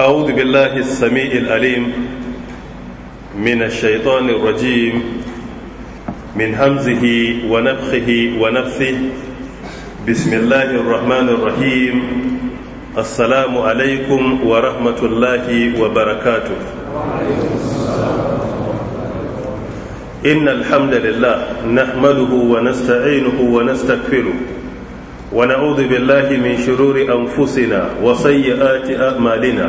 أعوذ بالله السميع العليم من الشيطان الرجيم من همزه ونفخه ونفثه بسم الله الرحمن الرحيم السلام عليكم ورحمة الله وبركاته إن الحمد لله نحمده ونستعينه ونستغفره ونعوذ بالله من شرور أنفسنا وسيئات أعمالنا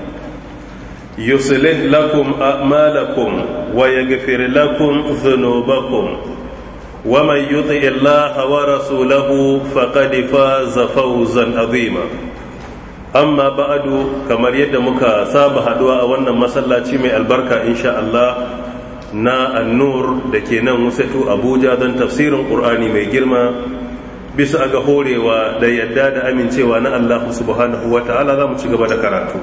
yusulin lakum a malakum wa ya gafere lakum zunobakum wa mai yuta illa hawa rasulahu faƙadifa zafauzan azima amma ba'adu kamar yadda muka saba haduwa a wannan masallaci mai albarka insha Allah na annur da ke nan wasu abuja don tafsirin ƙur'ani mai girma bisa ga horewa da yadda da amincewa na Allah subhanahu wa ta'ala zamu ci gaba da karatu.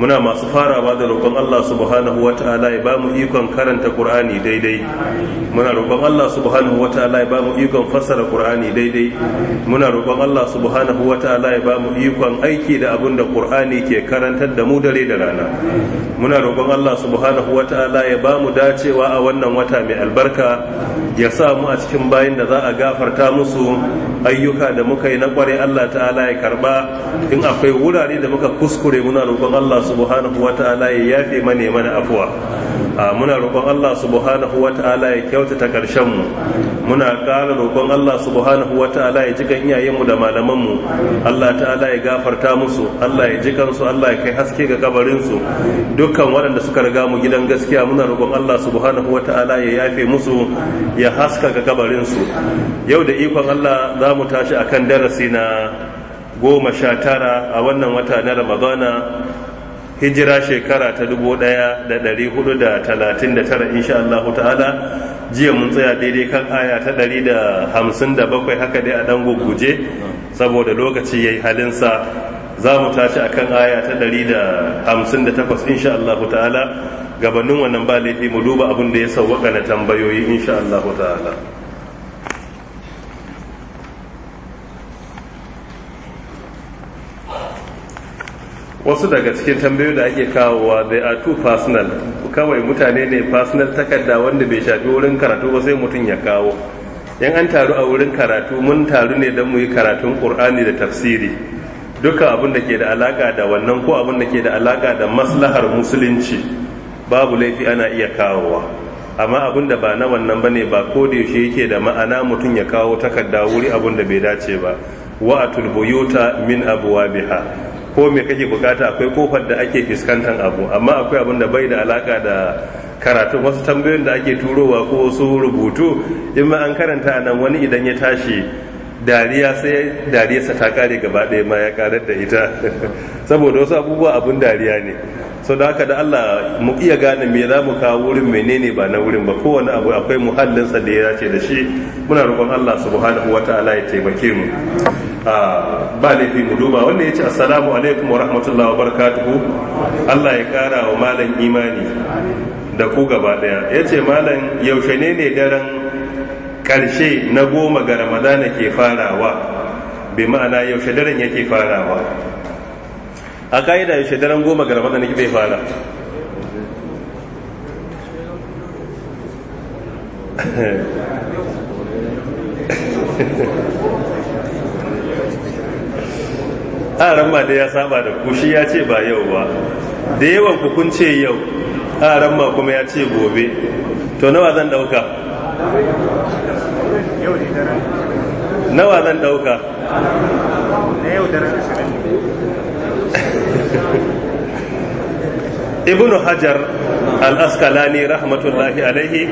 muna masu farawa da roƙon Allah subhanahu wa ta'ala ya ba mu ikon karanta Qur'ani daidai muna roƙon Allah subhanahu wa ta'ala ya ba mu ikon fassara Qur'ani daidai muna roƙon Allah subhanahu wa ta'ala ya ba mu ikon aiki da abin da Qur'ani ke karantar da mu dare da rana muna roƙon Allah subhanahu wa ta'ala ya ba mu dacewa a wannan wata mai albarka ya sa mu a cikin bayin da za a gafarta musu ayyuka da muka yi na ƙware Allah ta'ala ya karba in akwai wurare da muka kuskure muna roƙon Allah subhanahu wata'ala ya yafe mana mana afuwa muna roƙon Allah subhanahu wata'ala ya kyautata ƙarshen mu muna ƙara roƙon Allah subhanahu wata'ala ya jikan iyayen mu da malaman mu Allah ta'ala ya gafarta musu Allah ya jikan su Allah ya kai haske ga kabarin su dukkan waɗanda suka riga mu gidan gaskiya muna roƙon Allah subhanahu wata'ala ya yafe musu ya haska ga kabarin su yau da ikon Allah za mu tashi akan darasi na goma sha tara a wannan wata na ramadana hijira shekara ta 1439 insha Allah ta'ala jiya mun tsaya daidai kan aya ta da bakwai haka dai a dan gugguje saboda lokaci yayi halinsa za mu tashi akan aya ta 158 insha Allah ta'ala gabanin wannan ba laifi mu duba abin da ya sauwaka na tambayoyi insha Allah ta'ala wasu daga cikin tambayoyi da ake kawowa they are too personal kawai mutane ne personal takarda wanda bai shafi wurin karatu ba sai mutum ya kawo yan an taru a wurin karatu mun taru ne don mu yi karatun qur'ani da tafsiri duka abin da ke da alaka da wannan ko abin da ke da alaka da maslahar musulunci babu laifi ana iya kawowa amma abin da ba na wannan ba ne ba ko da yaushe yake da ma'ana mutum ya kawo takarda wuri abin da bai dace ba wa'atul buyuta min abwabiha ko me kake bukata akwai kofar da ake fuskantar abu amma akwai abin da bai da alaka da karatu wasu tambayoyin da ake turowa ko su rubutu in ma an karanta nan wani idan ya tashi dariya sai dariya sa ta kare gaba ɗaya ma ya karar da ita saboda wasu abubuwa abun dariya ne sau da haka da allah mu iya gane me za mu kawo wurin menene ba na wurin ba kowane abu akwai muhallinsa da ya dace da shi muna roƙon allah subhanahu wa ta'ala ya taimake mu ba laifi mu duba wanda ya ce assalamu alaikum wa rahmatullahi wa barakatuhu Allah ya kara wa malam imani da ku gaba daya ya ce malam yaushe ne ne daren karshe na goma ga ramadana ke farawa bi ma'ana yaushe daren yake farawa a ka'ida yaushe daren goma ga ramadana ke fara a ramma da ya saba da kushi ya ce ba yau ba da yawan ku kun ce yau a ramma kuma ya ce gobe to nawa zan dauka nawa zan dauka ibnu hajar al askalani rahmatullahi alaihi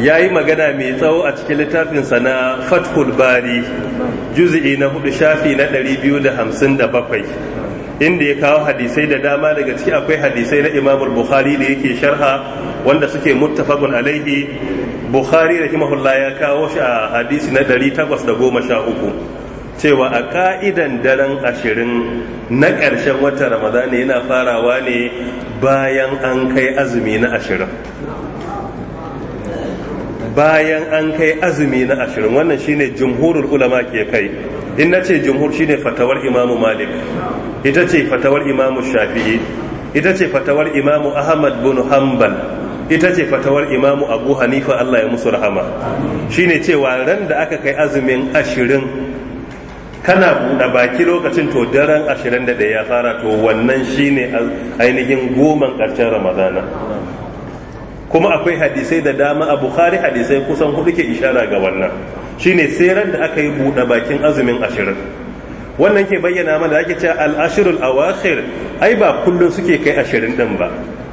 ya yi magana mai tsawo a cikin littafinsa na fatful bari juzi'i na hudu shafi na 257 inda ya kawo hadisai da dama daga ciki akwai hadisai na imamul bukhari da yake sharha wanda suke muttafaqun alaihi bukhari rahimahullah ya kawo shi a hadisi na 813 cewa a ka'idan daren ashirin na ƙarshen watan ramadana yana farawa ne bayan an kai azumi na ashirin bayan an kai azumi na ashirin wannan shine jumhurul ulama ke kai in na ce jumhur shine fatawar imamu malik ita ce fatawar imamu shafi'i ita ce fatawar imamu ahmad bin hanbal ita ce fatawar imamu abu hanifa allah ya musu rahama shine cewa ran da aka kai azumin ashirin kana buɗe baki lokacin to daren ashirin da ya fara to wannan shine ainihin goman ƙarshen ramadana kuma akwai hadisai da dama a bukhari hadisai kusan hudu ke ishara ga wannan shine tseren da aka yi buɗe bakin azumin ashirin wannan ke bayyana mana ake cewa al a awakhir ai ba kullum suke kai ashirin ɗin ba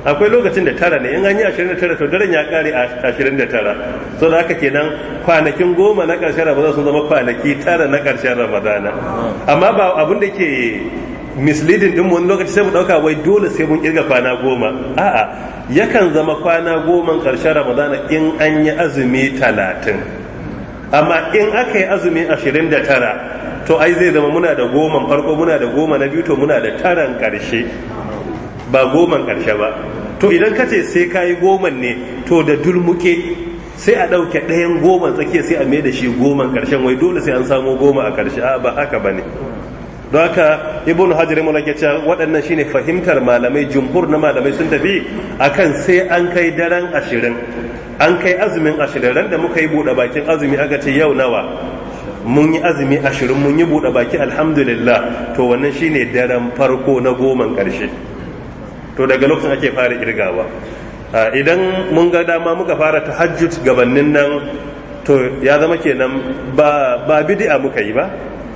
akwai lokacin da tara ne in an yi ashirin da tara to daren ya kare ashirin da tara so da haka kenan kwanakin goma na ƙarshen ramadana sun zama kwanaki tara na ƙarshen ramadana amma ba abin da ke misleading din wani lokaci sai mu dauka wai dole sai mun kirga kwana goma a'a yakan zama kwana goma karshen ramadana in an yi azumi talatin amma in aka yi azumi ashirin da tara to ai zai zama muna da goma farko muna da goma na biyu to muna da taran karshe ba goman karshe ba to idan ka ce sai ka yi goman ne to da dulmuke sai a ɗauke ɗayan goma tsakiya sai a mai da shi goman karshen wai dole sai an samo goma a karshe a ba haka ba ne don haka ibn hajjari mun ke cewa waɗannan shine fahimtar malamai jumhur na malamai sun tafi akan sai an kai daren ashirin an kai azumin ashirin ran da muka yi buɗe bakin azumi aka ce yau nawa mun yi azumi ashirin mun yi buɗe baki alhamdulillah to wannan shine daren farko na goman ƙarshe to daga lokacin ake fara kirgawa idan mun ga dama muka fara tahajjud gabanin nan to ya zama kenan ba ba bid'a muka yi ba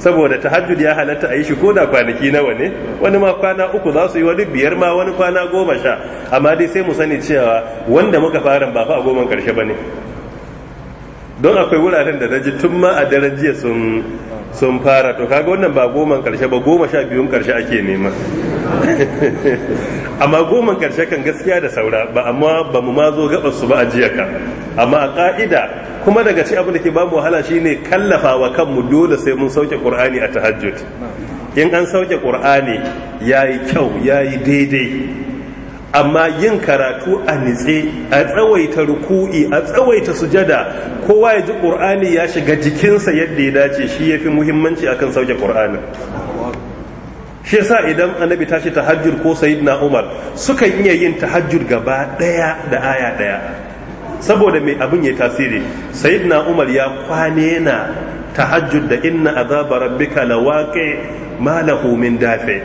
saboda tahajjud ya halatta a yi shi koda kwanaki nawa ne wani ma kwana uku za su yi wani biyar ma wani kwana goma sha amma dai sai mu sani cewa wanda muka fara ba fa a goman karshe ba ne don akwai wuraren da naji tun ma a daren jiya sun fara to kaga wannan ba goman karshe ba goma sha biyun karshe ake nema amma goman karshe kan gaskiya da saura ba amma ba mu ma zo gabas su ba a jiya ka amma a ka'ida kuma daga ci abin da ke ba mu wahala ne kallafa wa kanmu dole sai mun sauke qur'ani a tahajjud in an sauke qur'ani yayi kyau yayi daidai amma yin karatu a nitse a tsawaita ruku'i a tsawaita sujada kowa ya ji qur'ani ya shiga jikinsa yadda ya dace shi yafi muhimmanci akan sauke qur'ani shi yasa idan annabi tashi tahajjud ko sayyidina umar sukan iya yin tahajjud gaba ɗaya da aya ɗaya. saboda mai abin ya tasiri na umar ya kwane na tahajjud da inna azaba rabbika lawaqi ma lahu min dafi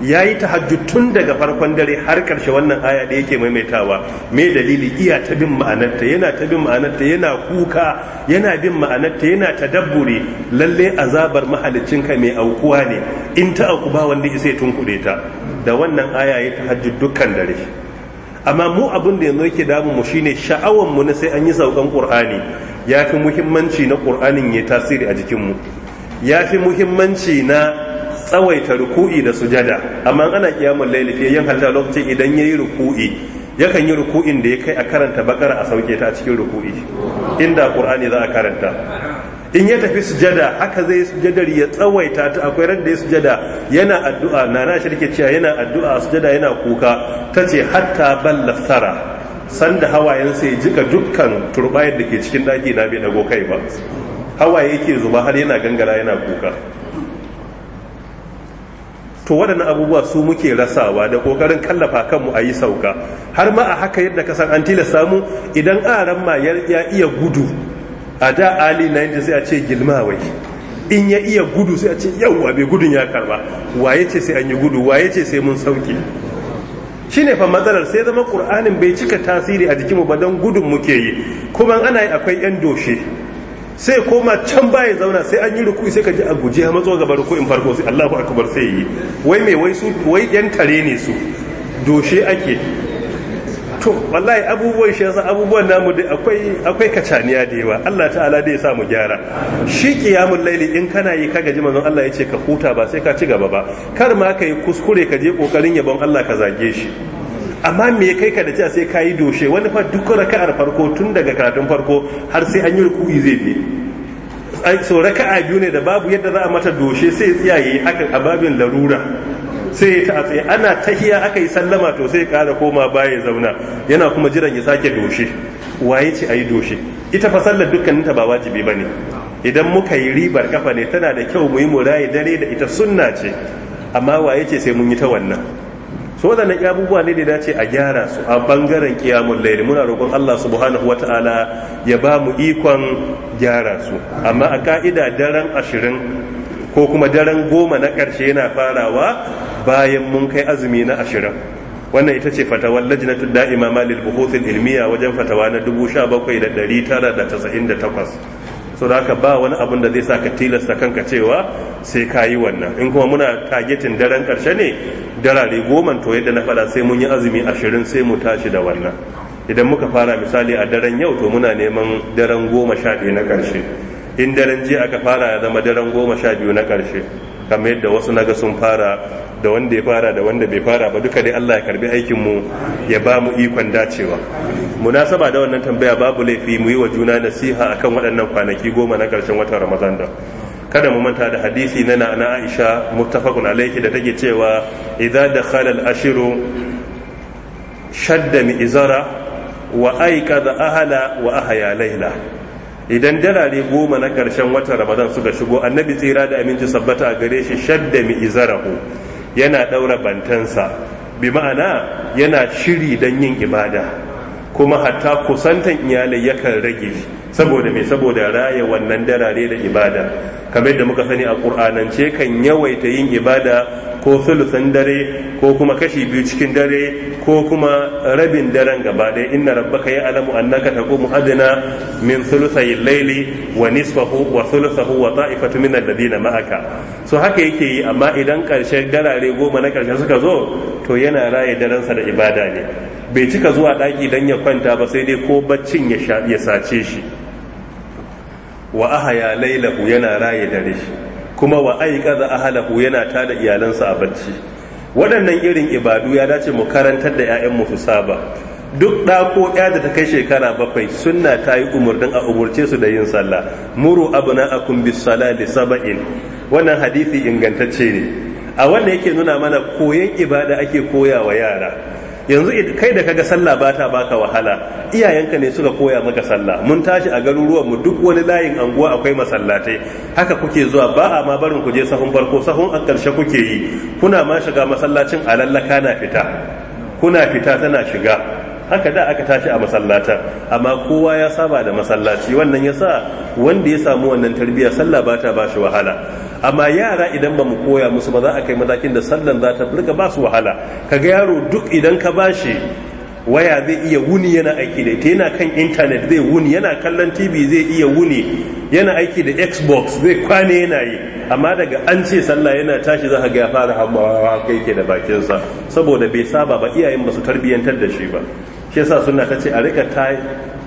yayi tahajjud tun daga farkon dare har karshe wannan aya da yake maimaitawa me dalili iya ta bin ma'anarta yana ta bin ma'anarta yana kuka yana bin ma'anarta yana tadabburi lalle azabar ka mai aukuwa ne in ta auku ba wanda isa tun kuɗe ta da wannan aya ya tahajjud dukkan dare amma mu abin da yanzu yake damu mu shine sha'awan mu na sai an yi saukan qur'ani yafi muhimmanci na qur'anin ya tasiri a jikin mu yafi muhimmanci na tsawaita ruku'i da sujada amma ana kiyamul layli fi yan halta lokacin idan yayi ruku'i yakan yi ruku'in da ya kai a karanta bakara a sauke ta a cikin ruku'i inda qur'ani za a karanta in ya tafi sujada haka zai sujadar ya tsawaita ta akwai ran da ya sujada yana addu'a na na shi shirke cewa yana addu'a sujada yana kuka ta ce hatta ballasara sanda hawayen sai jika dukkan turbayar da ke cikin daki na bai dago kai ba hawaye yake zuba har yana gangara yana kuka to waɗannan abubuwa su muke rasawa da ƙoƙarin kallafa kanmu a yi sauka har ma a haka yadda kasan an tilasta mu idan aran ma ya iya gudu a da ali na yadda sai a ce gilmawai in ya iya gudu sai a ce yawwa bai gudun ya karba waye ce sai an yi gudu waye ce sai mun sauke shi ne fa matsalar sai zama ƙur'anin bai cika tasiri a jikinmu ba don gudun muke yi kuma ana yi akwai 'yan doshe sai koma can baya zauna sai an yi ruku sai ka ji a guje ha matso gaba ruku in farko sai Allahu akbar sai yi wai me wai su wai yan tare ne su doshe ake to wallahi abubuwan shi yasa abubuwan namu da akwai akwai kacaniya da yawa Allah ta'ala da ya sa mu gyara shi qiyamul laili in kana yi ka gaji manzon Allah yace ka huta ba sai ka ci gaba ba kar ma kai kuskure ka je kokarin yabon Allah ka zage shi amma me kai ka da cewa sai ka yi doshe wani fa duk raka'ar farko tun daga karatun farko har sai an yi ruku'i zai bi so raka'a biyu ne da babu yadda za a mata doshe sai tsiyaye haka a babin larura sai ya ta tsaye ana tahiya aka yi sallama to sai kara koma baya zauna yana kuma jiran ya sake doshe waye ce ayi doshe ita fa sallar dukkanin ta ba wajibi bane idan muka yi ribar kafa ne tana da kyau mu yi mu raye dare da ita sunna ce amma waye ce sai mun yi ta wannan so wadannan abubuwa ne da ya dace a gyara su a bangaren kiyamun laili muna roƙon Allah subhanahu wataala ya ba mu ikon gyara su amma a ka'ida daren ashirin ko kuma daren goma na ƙarshe yana farawa bayan mun kai azumi na ashirin wannan ita ce fatawar lajinatul da'ima malil buhutun ilmiya wajen fatawa na dubu 17998 so da aka ba wani abun da zai sa ka tilasta kanka cewa sai ka yi wannan in kuma muna tagetin daren karshe ne darare goma to yadda na faɗa sai mun yi azumi ashirin sai mu tashi da wannan idan muka fara misali a daren yau to muna neman daren goma sha biyu na ƙarshe in daren jiya aka fara ya zama daren goma sha biyu na karshe kamar yadda wasu naga sun fara da wanda ya fara da wanda bai fara ba duka dai Allah ya karbi aikin mu ya ba mu ikon dacewa munasaba da wannan tambaya babu laifi mu yi wa juna nasiha akan waɗannan kwanaki goma na ƙarshen watan Ramadan da kada mu manta da hadisi na na Aisha muttafaqun alayhi da take cewa idza dakhala al-ashru shadda mi izara wa da ahla wa ahya layla idan dalare goma na karshen watan ramadan suka shigo annabi tsira da aminci sabbata a gare shi shadda mi izarahu yana ɗaura bantansa bi ma'ana yana shiri don yin ibada kuma hatta kusantan iyalai yakan rage saboda mai saboda raya wannan dalare da ibada kamar da muka sani a ƙur'anance kan yawaita yin ibada ko sulusan dare ko kuma kashi biyu cikin dare ko kuma rabin daren gaba ɗaya inna rabbaka ya alamu annaka taqumu adna min sulusay al-layli wa nisfahu wa sulusahu wa ta'ifatu min alladhina ma'aka so haka yake yi amma idan ƙarshe darare goma na karshe suka zo to yana raye daren sa da ibada ne bai cika zuwa daki dan ya kwanta ba sai dai ko baccin ya sace shi wa ahaya lailahu yana raye dare kuma wa aiqadha ahlahu yana tada iyalansa a bacci waɗannan irin ibadu ya dace mu karantar da 'ya'yanmu su saba duk ɗa ko da ta kai shekara bakwai sunna ta yi umarnin a umurce su da yin sallah muru abuna akum bis salati saba'in wannan hadisi ingantacce ne a wanda yake nuna mana koyon ibada ake koya wa yara yanzu kai da kaga sallah ba ta baka wahala iyayenka ne suka koya maka sallah mun tashi a garuruwan mu duk wani layin anguwa akwai masallatai haka kuke zuwa ba a ma barin ku je sahun farko sahun a ƙarshe kuke yi kuna ma shiga masallacin alallaka na fita kuna fita tana shiga haka da aka tashi a masallata amma kowa ya saba da masallaci wannan ya sa wanda ya samu wannan tarbiyya sallah ba ta ba shi wahala amma yara idan ba mu koya musu ba za a kai matakin da sallan za ta rika ba su wahala kaga yaro duk idan ka ba shi waya zai iya wuni yana aiki da ita yana kan intanet zai wuni yana kallon tv zai iya wuni yana aiki da xbox zai kwane yana yi amma daga an ce sallah yana tashi za ga ya fara hamawa kai ke da bakinsa saboda bai saba ba iyayen ba su tarbiyyantar da shi ba shi yasa suna ta ce a rika ta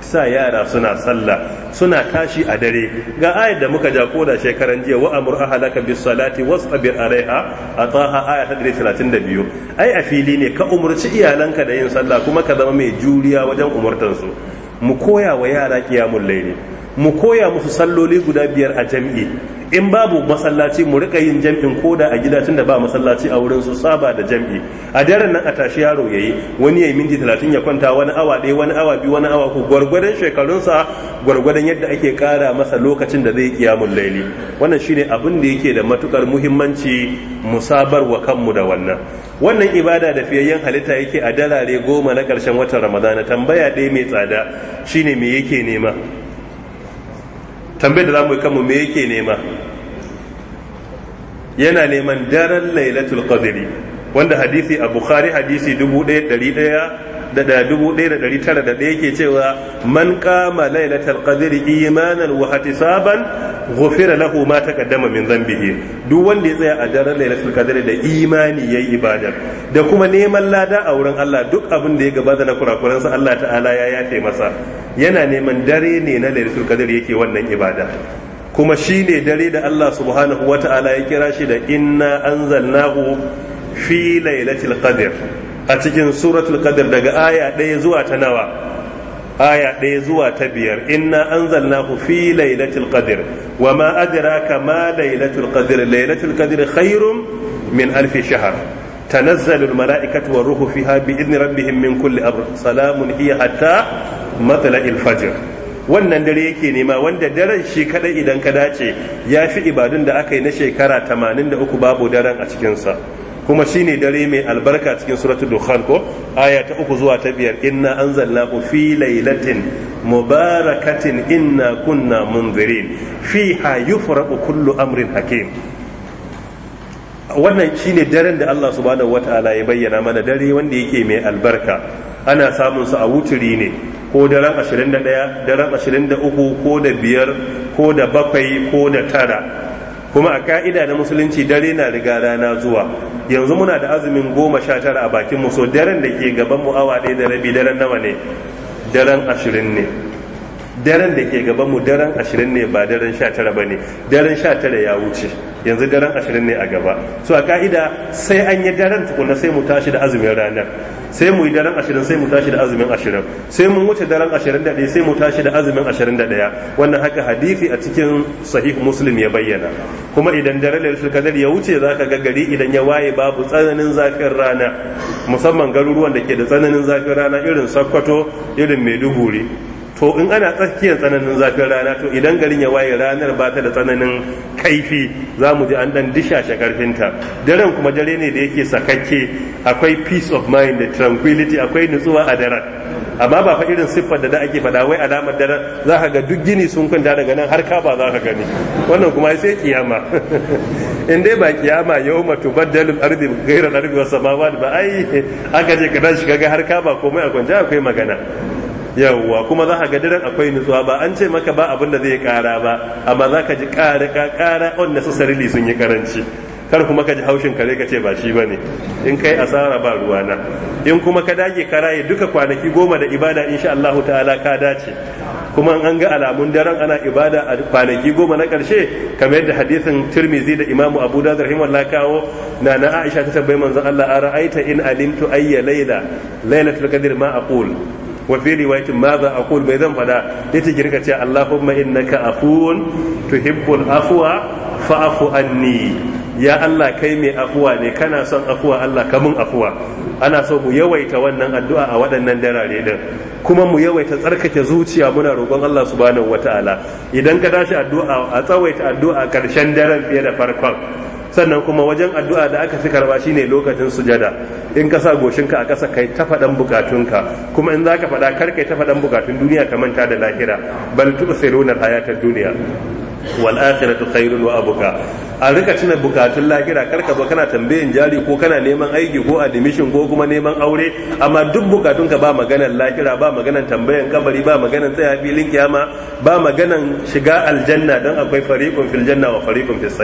sa yara suna sallah suna tashi a dare ga ayar da muka ja koda shekaran jiya wa amur ahlaka bis salati wasbir alaiha ataha aya ta 132 ai a fili ne ka umurci iyalanka da yin sallah kuma ka zama mai juriya wajen umurtan su mu koya wa yara kiyamun layli mu koya musu salloli guda biyar a jami'i. in babu masallaci mu rika yin jam'in koda a gida da ba masallaci a wurin su saba da jam'i a daren nan a tashi yaro yayi wani yayi minti 30 ya kwanta wani awa ɗaya wani awa biyu wani awa ko gwargwadon shekarunsa gwargwadon yadda ake kara masa lokacin da zai kiyamul laili wannan shine abin da yake da matukar muhimmanci musabar wa kanmu da wannan wannan ibada da fiyayyen halitta yake a dalare goma na ƙarshen watan ramadana tambaya ɗaya mai tsada shine me yake nema tambayar da za mu yi kanmu me yake nema yana neman daren lailatul qadri wanda hadisi a bukhari hadisi 1901 ke cewa man kama lailatul qadri imanan wa sabon ghufira lahu ma taqaddama min dhanbihi duk wanda ya tsaya a daren lailatul qadri da imani yayi ibadar da kuma neman lada a wurin Allah duk abin da ya gabata na kurakuransa Allah ta'ala ya yafe masa yana neman dare ne na lailatul qadr yake wannan ibada kuma shi ne dare da Allah subhanahu wata'ala ya kira shi da inna anzalnahu fi lailatul qadr a cikin suratul qadr daga aya ɗaya zuwa ta nawa aya ɗaya zuwa ta biyar inna anzalnahu fi lailatul qadr wa ma adraka ma lailatul qadr lailatul qadr khairum min alfi shahr tanazzalul الملائكة والروح ruhu fiha bi من كل min سلام هي salamun مطلع hatta wannan dare yake nema wanda daren shi kadai idan ka dace ya fi ibadun da aka yi na shekara 83 babu daren a cikinsa kuma shine dare mai albarka cikin suratul dukhan ko aya ta uku zuwa ta biyar inna anzalna fi lailatin mubarakatin inna kunna munzirin fiha yufra kullu amrin hakim wannan shine daren da Allah wata ala ya bayyana mana dare wanda yake mai albarka ana samun su a wuturi ne ko daren 21 daren 23 ko da biyar ko da bakwai ko da tara kuma a ka'ida na musulunci dare na riga rana zuwa yanzu muna da azumin goma sha tara a bakinmu mu so daren da ke gaban mu awa ɗaya da rabi daren nawa ne daren ashirin ne daren da ke gabanmu daren ashirin ne ba daren sha tara ba ne daren sha tara ya wuce yanzu daren ashirin ne a gaba so a ka'ida sai an yi daren tukuna sai mu tashi da azumin ranar sai mu yi daren ashirin sai mu tashi da azumin ashirin sai mun wuce daren ashirin da sai mu tashi da azumin ashirin da ɗaya wannan haka hadisi a cikin sahih muslim ya bayyana kuma idan daren lailatul ya wuce za ka ga gari idan ya waye babu tsananin zafin rana musamman garuruwan da ke da tsananin zafin rana irin sakkwato irin maiduguri to in ana tsakiyar tsananin zafin rana to idan garin ya waye ranar ba ta da tsananin kaifi za mu ji an dan dishashe karfinta daren kuma dare ne da yake sakakke akwai peace of mind da tranquility akwai nutsuwa a daren amma ba fa irin siffar da da ake faɗa wai alamar daren za ka ga duk gini sun kwanta daga nan har kaba za ka gani wannan kuma sai kiyama in dai ba kiyama yau ma tubaddalul ardi ghayra ardi was ba ai aka je ka shiga kaga har kaba komai a kwanta akwai magana yawwa kuma za ka ga daren akwai nutsuwa ba an ce maka ba abin da zai kara ba amma za ka ji kara kara unnecessarily sun yi karanci kar kuma ka ji haushin kare ka ce ba shi bane in kai asara ba ruwana in kuma ka dage ka raye duka kwanaki goma da ibada insha Allah ta'ala ka dace kuma an ga alamun daren ana ibada a kwanaki goma na karshe kamar yadda hadisin Tirmizi da Imam Abu Dawud rahimahullah kawo na na Aisha ta tabbai manzon Allah ara'aita in alimtu ayya layla laylatul qadr ma aqul wa fi riwayatin ma za a kun bai zan fada ya ta girka ce Allahumma innaka afuwun tuhibbul afuwa fa'afu anni ya Allah kai mai afuwa ne kana son afuwa Allah kamun afuwa ana so mu yawaita wannan addu'a a waɗannan darare din kuma mu yawaita tsarkake zuciya muna roƙon Allah subhanahu wataala idan ka tashi addu'a a tsawaita addu'a karshen daren fiye da farkon sannan kuma wajen addu'a da aka fi karba shi ne lokacin sujada in ka sa goshinka a kasa kai ta faɗan bukatunka kuma in za ka faɗa kar kai ta faɗan bukatun duniya ka manta da lahira bal tubsiruna hayatar duniya wal akhiratu khairun wa abuka a rika cina bukatun lahira kar ka zo kana tambayin jari ko kana neman aiki ko admission ko kuma neman aure amma duk bukatun ka ba maganar lahira ba maganar tambayan kabari ba maganar tsaya filin kiyama ba maganar shiga aljanna don akwai fariqun fil janna wa fariqun fis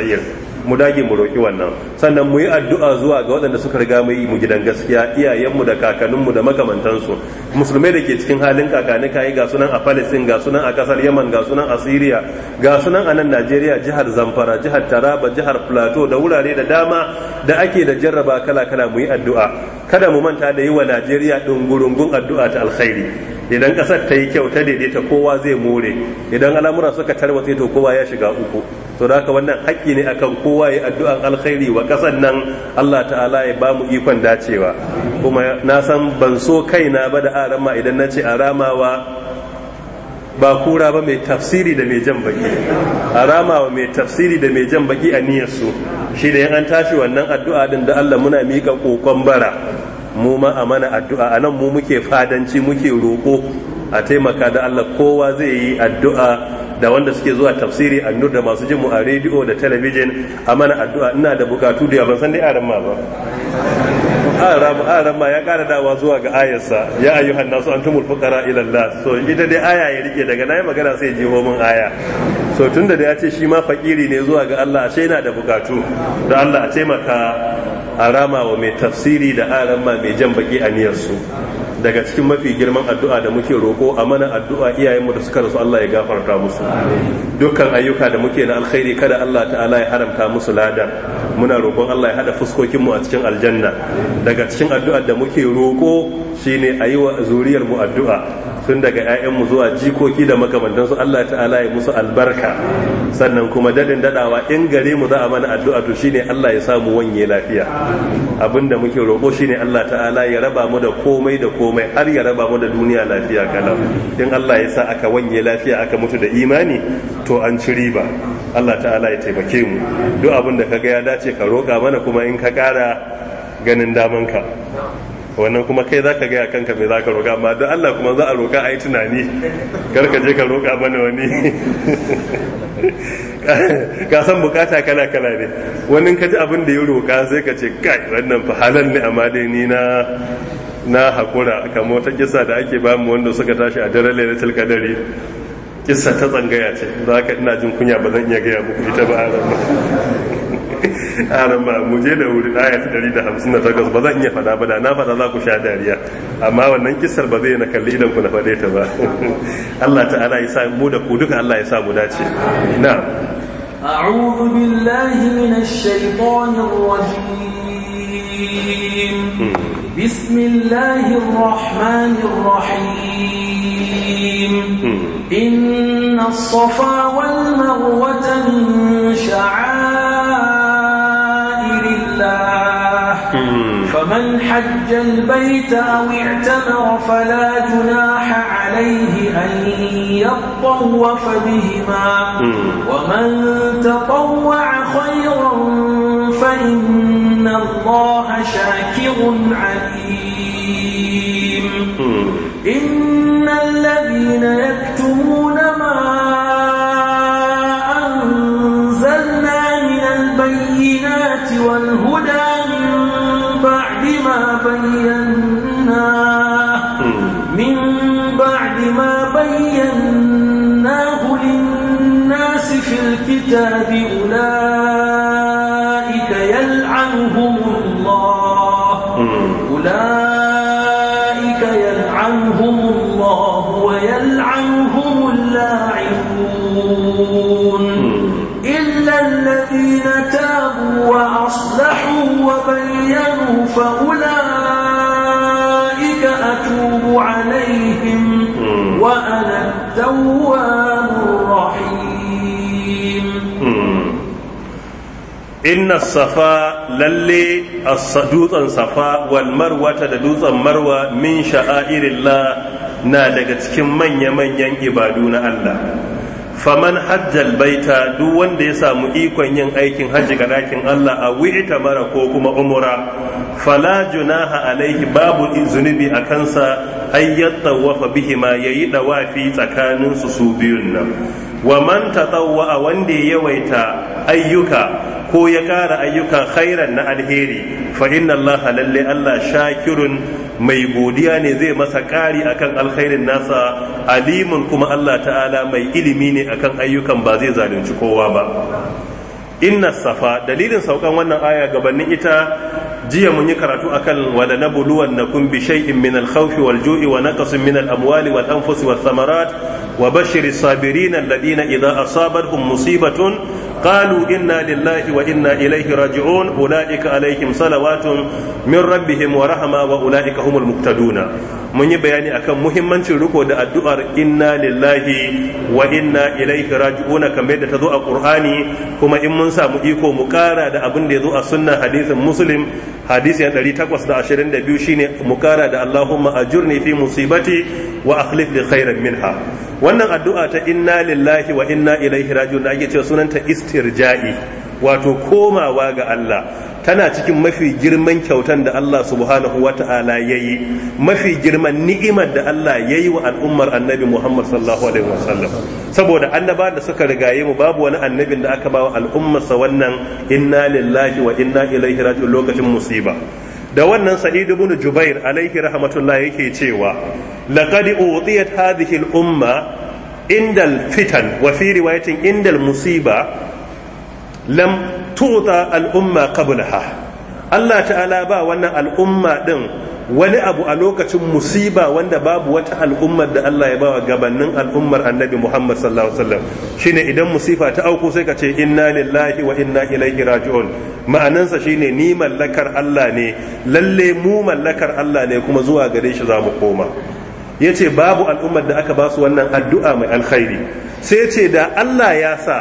mu dage mu roƙi wannan sannan mu yi addu'a zuwa ga waɗanda suka riga mu yi mu gidan gaskiya iyayenmu da kakanninmu da makamantansu musulmai da ke cikin halin kakanni kayi ga sunan a palestine ga sunan a ƙasar yaman ga sunan a syria ga sunan a nan najeriya jihar zamfara jihar taraba jihar plateau da wurare da dama da ake da jarraba kala kala mu yi addu'a kada mu manta da yi wa najeriya ɗungurungun addu'a ta alkhairi idan kasar ta yi kyau ta daidaita kowa zai more idan al'amura suka tarwatse to kowa ya shiga uku to da haka wannan haƙƙi ne akan kowa ya addu'an alkhairi wa ƙasar nan Allah ta'ala ya ba mu ikon dacewa kuma na san ban so kaina ba da arama idan na ce aramawa ba kura ba mai tafsiri da mai jan baki aramawa mai tafsiri da mai jan baki a niyyarsu shi da yan an tashi wannan addu'a din da Allah muna mika kokon bara mu ma a mana addu'a a nan mu muke fadanci muke roƙo a taimaka da Allah kowa zai yi addu'a da wanda suke zuwa tafsiri nur, da masu jin mu a rediyo da talabijin a mana addu'a ina da bukatu da ban san dai aran ma ba aran ma ya ƙara dawa zuwa ga ayarsa ya ayu su an tumul fuqara ila so ita dai aya ya rike daga nayi magana sai ji homin aya so tunda da ya ce shi ma fakiri ne zuwa ga Allah ashe yana da bukatu da Allah a taimaka a wa mai tafsiri da arama mai jan baki a su daga cikin mafi girman addu'a da muke roko a mana addu'a iyayenmu da suka rasu Allah ya gafarta musu dukkan ayyuka da muke na alkhairi kada Allah ta'ala ya haramta musu lada muna roƙon Allah ya hada mu a cikin aljanna daga cikin addu'a da muke roƙo shine a yi wa mu addu'a tun daga 'ya'yanmu zuwa jikoki da makamantansu Allah ta'ala ya musu albarka sannan kuma dadin dadawa in gare mu za a mana addu'a to shine Allah ya samu wanye lafiya abinda muke roƙo shine Allah ta'ala ya raba mu da komai da komai har ya raba mu da duniya lafiya kalau in Allah ya sa aka wanye lafiya aka mutu da imani to an ci riba Allah ta'ala ya taimake mu duk abin da kaga ya dace ka roƙa mana kuma in ka ƙara ganin damanka wannan kuma kai za ka gaya kanka mai za ka roƙa amma don Allah kuma za a roƙa a yi tunani kar ka je ka roƙa mana wani ka san bukata kala kala ne wani ka ji abin da ya roƙa sai ka ce kai wannan fa ne amma dai na haƙura kamar wata kisa da ake ba mu wanda suka tashi a daren lailatul kadari kisa ta tsangaya ce za ka ina jin kunya ba zan iya gaya muku ita ba a arama mu je da wurin aya ta takwas ba zan iya fada ba da na fada za ku sha dariya amma wannan kissar ba zai na kalli idan ku na fade ta ba Allah ta'ala ya sa mu da ku duka Allah ya sa mu dace Na. أعوذ بالله من الشيطان الرجيم بسم الله الرحمن الرحيم إن الصفا والمروة من شعائر حج البيت أو اعتمر فلا جناح عليه أن يطوف بهما ومن تطوع خيرا فإن الله شاكر عليم إن الذين يتقون الكتاب inna safa lalle a dutsen safa wal marwata da dutsen marwa min sha'airillah na daga cikin manya-manyan ibadu na Allah faman hajjal baita duk wanda ya samu ikon yin aikin hajji ga dakin Allah a wi'ita mara ko kuma umura fala junaha alaihi babu zunubi a kansa bihi ma bihima yayi dawafi tsakanin su su biyun nan wa man tatawwa wanda ya yawaita ayyuka ko ya ƙara ayyukan khairan na alheri fa inna Allah lalle Allah shakirun mai godiya ne zai masa ƙari akan alkhairin nasa alimun kuma Allah ta'ala mai ilimi ne akan ayyukan ba zai zalunci kowa ba inna safa dalilin saukan wannan aya gabanin ita jiya mun yi karatu akan wala nabluwan nakum bi shay'in min al-khawfi wal-ju'i wa naqsin min al-amwali wal-anfusi wath-thamarat wa bashiris sabirin alladhina idha asabatkum musibatun qalu inna lillahi wa'inna inna ilaihi raji'un ulaika alaihim salawatun min rabbihim wa rahma wa ulaika humul muqtaduna mun yi bayani akan muhimmancin riko da addu'ar inna lillahi wa'inna ilaihi raji'un kamar yadda ta zo a qur'ani kuma in mun samu iko mu kara da abin da ya zo a sunna hadisin ashirin da 822 shine mu kara da allahumma ajurni fi musibati wa akhlif li minha wannan addu'a ta inna lillahi wa inna ilaihi raji'un da ake cewa sunanta istirja'i wato komawa ga Allah tana cikin mafi girman kyautan da Allah subhanahu wa ta'ala yayi mafi girman ni'imar da Allah yayi wa al'ummar annabi Muhammad sallallahu alaihi wasallam saboda annaba da suka rigaye mu babu wani annabin da aka ba bawa al'ummarsa wannan inna lillahi wa inna ilaihi raji'un lokacin musiba da wannan sa'id ibn jubair alaihi rahmatullah yake cewa laqad utiyat hadhihi al-umma indal fitan wa fi riwayatin indal musiba lam tuta al-umma qablaha Allah ta'ala ba wannan al'umma din wani abu a lokacin musiba wanda babu wata al'ummar da Allah ya bawa gabanin al'ummar annabi Muhammad sallallahu alaihi wasallam shine idan musifa ta auku sai ka ce inna lillahi wa inna ilaihi raji'un ma'anansa shine ni mallakar Allah ne lalle mu mallakar Allah ne kuma zuwa gare shi za mu koma yace babu al'ummar da aka ba su wannan addu'a mai alkhairi sai ce da Allah ya sa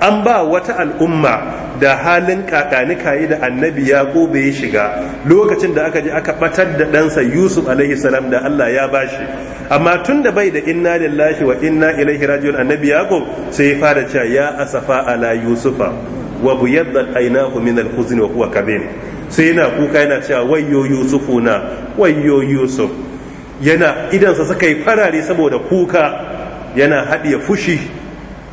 an ba wata al'umma da halin kakanikayi da annabi ya gobe ya shiga lokacin da aka je aka batar da ɗansa yusuf alaihi da allah ya ba shi amma tun da bai da inna lillahi wa inna ilaihi rajiun annabi gobe sai ya fara cewa ya asafa ala yusufa wa buyadda aynahu min al wa huwa kabin sai yana kuka yana cewa wayyo na, wayyo yusuf yana idansa suka yi farare saboda kuka yana haɗiye fushi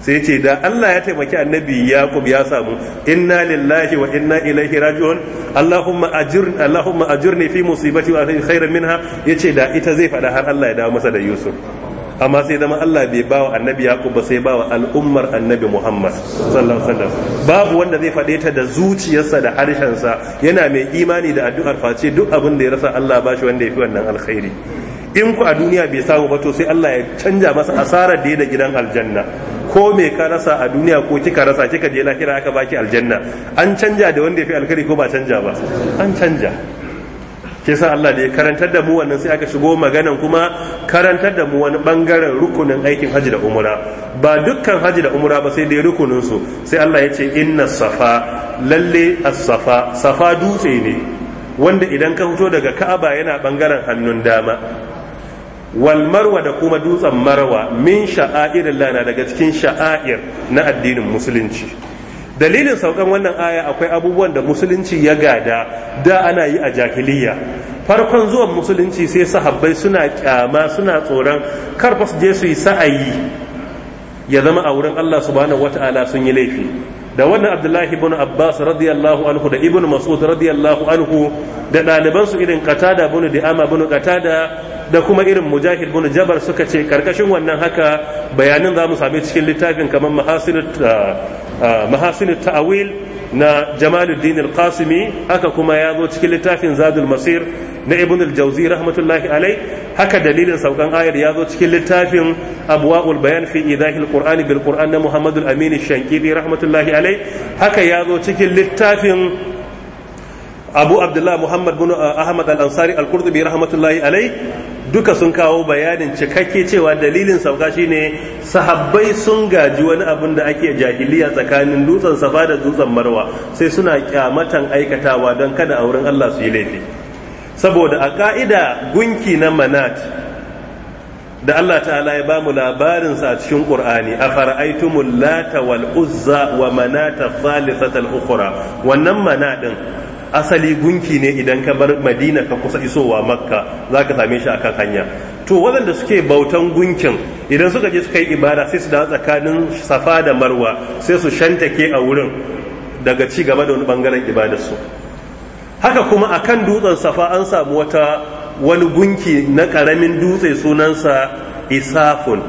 sai ce da Allah ya taimaki annabi Yaqub ya samu inna lillahi wa inna ilaihi raji'un Allahumma ajir Allahumma ajirni fi musibati wa khairan minha yace da ita zai fada har Allah ya dawo masa da Yusuf amma sai zama Allah bai bawa annabi Yaqub ba sai bawa al'ummar annabi Muhammad sallallahu alaihi wasallam babu wanda zai fade ta da zuciyarsa da harshensa yana mai imani da addu'ar face duk abin da ya rasa Allah bashi wanda yafi wannan alkhairi in ku a duniya bai samu ba to sai Allah ya canja masa asarar da ya da gidan aljanna ko me ka rasa a duniya ko kika rasa kika je lahira aka baki aljanna an canja da wanda ya fi alkari ko ba canja ba an canja ke sa Allah da ya karantar da mu wannan sai aka shigo maganan kuma karantar da mu wani bangaren rukunin aikin hajji da umra ba dukkan hajji da umra ba sai da dai rukunin su sai Allah ya ce inna safa lalle as-safa safa dutse ne wanda idan ka fito daga Ka'aba yana bangaren hannun dama wal marwa da kuma dutsen marwa min sha'airin na daga cikin sha'air na addinin musulunci dalilin saukan wannan aya akwai abubuwan da musulunci ya gada da ana yi a jahiliya farkon zuwan musulunci sai sahabbai suna kyama suna tsoron karfa su je su yi sa'ayi ya zama a wurin Allah subhanahu wata'ala sun yi laifi da wannan abdullahi ibn abbas radiyallahu anhu da ibn mas'ud radiyallahu anhu da ɗalibansu irin qatada ibn di'ama ibn qatada da kuma irin mujahid bin jabar suka ce karkashin wannan haka bayanin za mu sami cikin littafin kamar mahasinu uh, uh, ta'awil na jamaluddin al-qasimi haka kuma ya zo cikin littafin zadul masir na ibn al-jawzi rahmatullahi alai haka dalilin saukan ayar ya zo cikin littafin abwaul bayan fi idahil qur'ani bil qur'an na muhammad al-amin rahmatullahi alai haka ya zo cikin littafin abu abdullah muhammad bin uh, ahmad al-ansari al-qurtubi rahmatullahi alai duka sun kawo bayanin cikakke cewa dalilin sauka shine sahabbai sun gaji wani abin da ake jahiliya tsakanin dutsen safa da dutsen marwa sai suna kyamatan aikatawa don kada a wurin Allah su yi laifi saboda a ka'ida gunki na manat da Allah ta'ala ya bamu labarin sa a cikin Qur'ani a fara'aitumul lata wal uzza wa manata thalithatal ukhra wannan manadin asali gunki ne idan ka bar madina ka kusa isowa makka za ka same shi akan hanya to waɗanda suke bautan gunkin idan suka je suka yi ibada sai su da tsakanin safa da marwa sai su shantake a wurin daga ci gaba da wani bangaren ibadarsu haka kuma akan dutsen safa an samu wata wani gunki na ƙaramin dutse sunansa isafun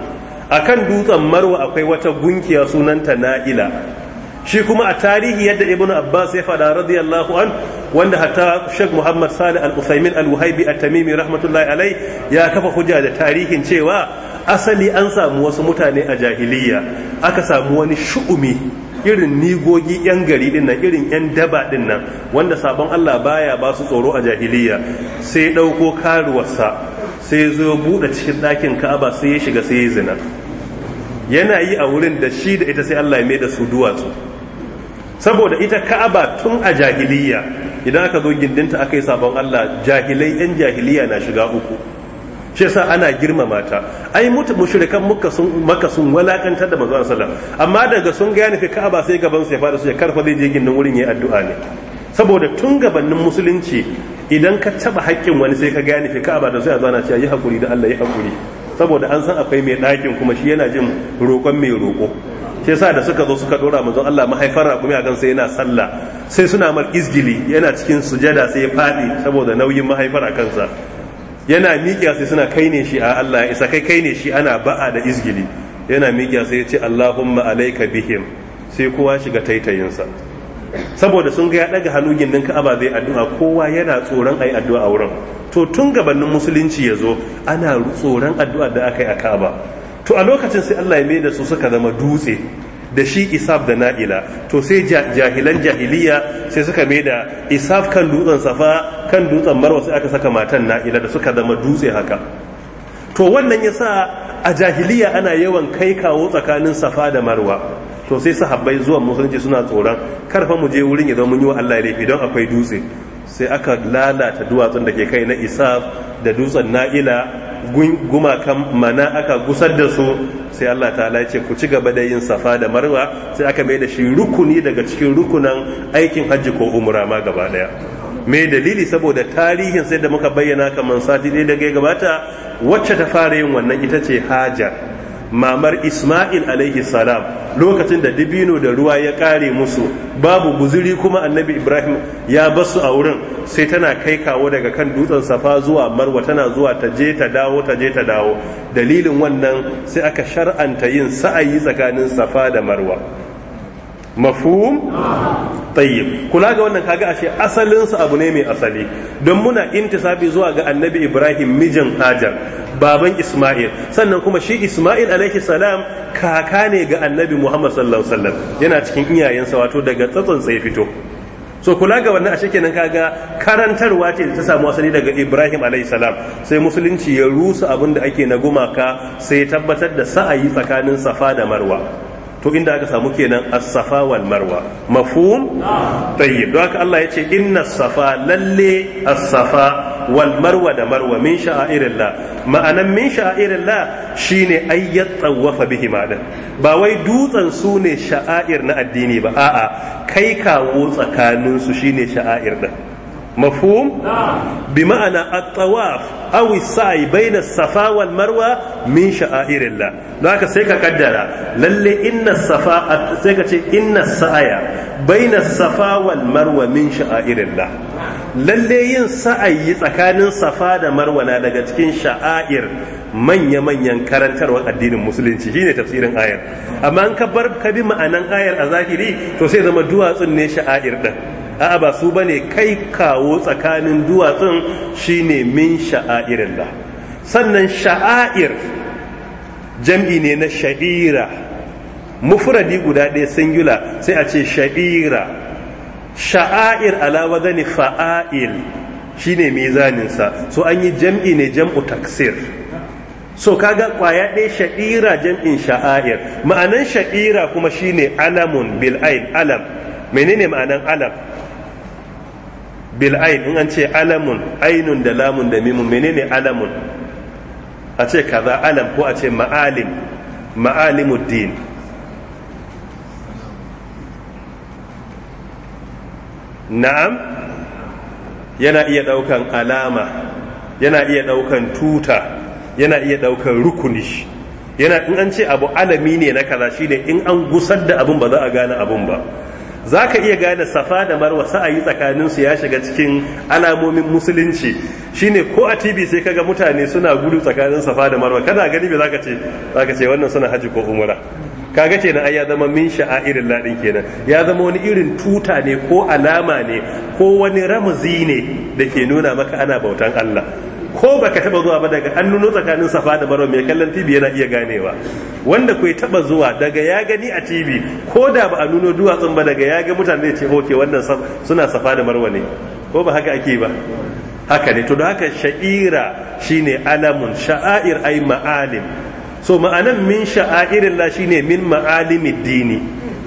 akan dutsen marwa akwai wata gunkiya sunanta na'ila shi kuma a tarihi yadda ibn abbas ya fada radiyallahu an wanda hatta shek muhammad salih al-usaimin al-wahibi at-tamimi rahmatullahi alai ya kafa hujja da tarihin cewa asali an samu wasu mutane a jahiliya aka samu wani shu'umi irin nigogi yan gari din nan irin yan daba din nan wanda sabon Allah baya ba su tsoro a jahiliya sai dauko karuwarsa sai zo bude cikin ɗakin Ka'aba sai ya shiga sai ya zina yana yi a wurin da shi da ita sai Allah ya mai da su duwatsu saboda ita ka'aba tun a jahiliya idan aka zo gindinta aka yi sabon Allah jahilai yan jahiliya na shiga uku shi yasa ana girmama ta ai mutu mushrikan muka sun maka sun walakantar da manzon amma daga sun ga nufi ka'aba sai gaban su ya fada su ya karfa zai je gindin wurin yayi addu'a ne saboda tun gabanin musulunci idan ka taba haƙƙin wani sai ka ga nufi ka'aba da sai a zana cewa yi hakuri da Allah yi hakuri saboda an san akwai mai ɗakin kuma shi yana jin roƙon mai roƙo sai sa da suka zo suka dora manzon Allah mahaifar kuma a sai yana sallah sai suna mal izgili yana cikin sujada sai ya faɗi saboda nauyin mahaifar a kansa yana miƙiya sai suna kai ne shi a Allah ya isa kai kai ne shi ana ba'a da izgili yana miƙiya sai ya ce Allahumma alaika bihim sai kowa shiga taitayinsa saboda sun ga ya daga hannu gindin ka'aba zai addu'a kowa yana tsoron ayi addu'a a wurin to tun gabanin musulunci yazo ana tsoron addu'a da aka yi a ka'aba to a lokacin sai Allah ya mai da su suka zama dutse da shi isaf da na'ila to sai jahilan jahiliya sai suka mai da isaf kan dutsen safa kan dutsen marwa sai aka saka matan na'ila da suka zama dutse haka to wannan ya sa a jahiliya ana yawan kai kawo tsakanin safa da marwa to sai sahabbai zuwa musulunci suna tsoron karfa mu je wurin idan mun yi wa Allah laifi don akwai dutse sai aka lalata duwatsun da ke kai na isaf da dutsen na'ila gumakan mana aka gusar da su sai Allah ta ce ku ci gaba da yin safa da marwa sai aka mai da shi rukuni daga cikin rukunan aikin hajji ko umura ma gaba daya me dalili saboda tarihin sai da muka bayyana kamar sati ɗaya da gabata wacce ta fara yin wannan ita ce hajar mamar Ismail alaihi salam lokacin da dibino da ruwa ya kare musu babu guziri kuma annabi Ibrahim ya basu a wurin sai tana kai kawo daga kan dutsen safa zuwa marwa tana zuwa ta je ta dawo ta je ta dawo dalilin wannan sai aka shar'anta yin sa'ayi tsakanin safa da marwa mafhum tayyib kula ga wannan kaga ashe asalin su abu ne mai asali don muna intisabi zuwa ga annabi ibrahim mijin hajar baban isma'il sannan kuma shi isma'il alaihi salam kaka ne ga annabi muhammad sallallahu alaihi wasallam yana cikin iyayensa wato daga tsatson sai fito so kula ga wannan ashe kenan kaga karantarwa ce ta samu asali daga Ibrahim alayhi salam sai musulunci ya rusa abin da ake na gumaka sai tabbatar da sa'ayi tsakanin Safa da Marwa to inda aka samu kenan as-safa wal marwa mafhum tayyib don haka Allah yace inna safa lalle as-safa wal marwa da marwa min sha'airillah ma'anan min sha'airillah shine ayyat tawafa bihi madan ba wai dutsen su ne sha'air na addini ba a'a kai kawo tsakanin su shine sha'air din مفهوم نعم بمعنى الطواف أو السعي بين الصفا والمروة من شعائر الله لذلك سيكا قدر للي إن الصفا سيكا إن السعي بين الصفا والمروة من شعائر الله للي ين سعي تكان صفا ومروة لذلك تكين شعائر manya-manyan karantarwar addinin musulunci shine tafsirin ayar amma an ka bar ka bi ma'anan ayar a zahiri to sai zama duwatsun ne sha'air din a'a ba su bane kai kawo tsakanin duwatsun shine min sha'a'irin da sannan sha'air jam'i ne na sha'ira Mufuradi guda ɗaya singular sai a ce sha'ira sha'air alawa zane fa'ail shine mizaninsa so an yi jam'i ne jam'u taksir so kaga kwaya ɗaya sha'ira jam'in sha'air ma'anan sha'ira kuma shine alamun bil alam menene ma'anan alam bil ain in an ce alamun ainun da lamun da mimun menene alamun a ce kaza alam ko a ce ma'alim ma'alimuddin na'am yana iya daukan alama yana iya daukan tuta yana iya daukan rukuni yana in an ce abu alami ne na kaza shine in an gusar da abun ba za a gane abun ba za ka iya gane safa da marwa sa'ayi tsakaninsu ya shiga cikin alamomin musulunci shine ko a tv sai kaga mutane suna gudu tsakanin safa da marwa kada gani me zaka ce zaka ce wannan suna haji ko umra kaga kenan ai ya zama min sha'airin ladin kenan ya zama wani irin tuta ne ko alama ne ko wani ramzi ne da ke nuna maka ana bautan Allah ko ba ka taba zuwa ba daga an tsakanin safa da baro mai kallon tv yana iya ganewa wanda kai taba zuwa daga ya gani a tv ko da ba a nuno duwatsun ba daga ya ga mutane ce hoke wannan suna safa da marwa ne ko ba haka ake ba haka ne to da haka sha'ira shine alamun sha'air ay ma'alim so ma'anan min sha'airillah shine min ma'alimid dini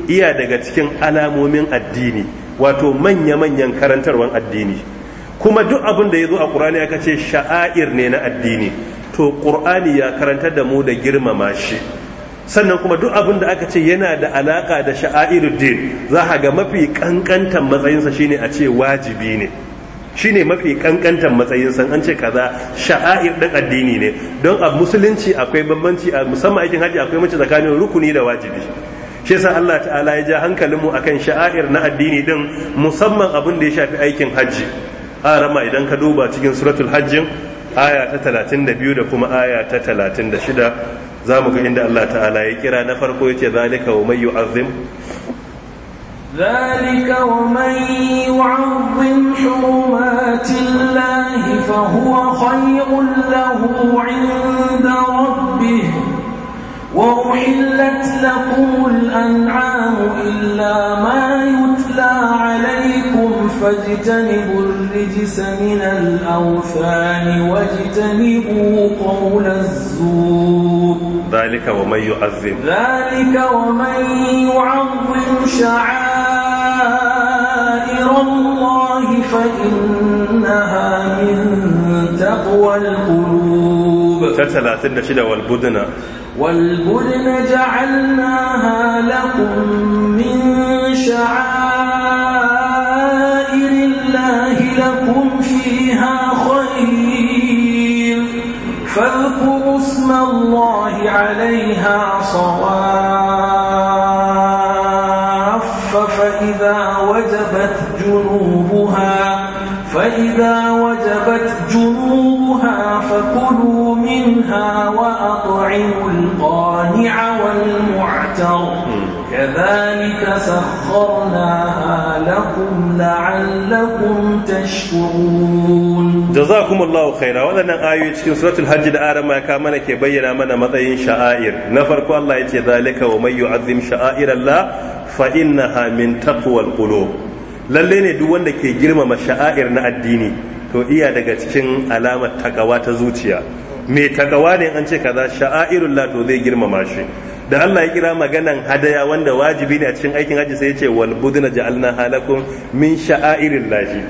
iya daga cikin alamomin addini wato manya-manyan karantarwan addini kuma duk abin da ya zo a ƙur'ani aka ce sha'air ne na addini to ƙur'ani ya karanta da mu da girmama shi sannan kuma duk abin da aka ce yana da alaƙa da din za a ga mafi ƙanƙantan matsayinsa shine a ce wajibi ne Shi ne mafi ƙanƙantan matsayinsa an ce kaza sha'air ɗin addini ne don a musulunci akwai bambanci a musamman aikin hajji akwai mace tsakanin rukuni da wajibi shi yasa Allah ta'ala ya ja hankalinmu akan sha'air na addini din musamman abin da ya shafi aikin hajji harama idan ka duba cikin suratul hajjin aya ta 32 da kuma aya ta 36 za mu ga inda Allah ta'ala ya kira na farko yace zalika wa may yu'azzim zalika wa yu'azzim ومن fa huwa khayrun lahu 'inda rabbih wa uhillat lakum al-an'am illa ma yutla 'alayhi فاجتنبوا الرجس من الأوثان واجتنبوا قول الزور ذلك ومن يعظم ذلك ومن يعظم شعائر الله فإنها من تقوى القلوب تتلاتن شدة والبدن والبدن جعلناها لكم من شعائر خير فاذكروا اسم الله عليها صواف فإذا وجبت جنوبها فإذا وجبت جنوبها فكلوا منها وأطعموا القانع والمعتر كذلك سخرناها لكم لعلكم تشكرون جزاكم الله خيرا waɗannan ayoyi cikin suratul hajj da arama ya mana ke bayyana mana matsayin sha'air na farko Allah yace zalika wa may azim sha'air Allah fa innaha min taqwal ne duk wanda ke girmama sha'air na addini to iya daga cikin alamar takawa ta zuciya me takawa ne an ce kaza sha'airullah to zai girmama shi da Allah ya kira maganan hadaya wanda wajibi ne a cikin aikin haji sai ya ce wal budna ja'alna halakum min sha'airil lahi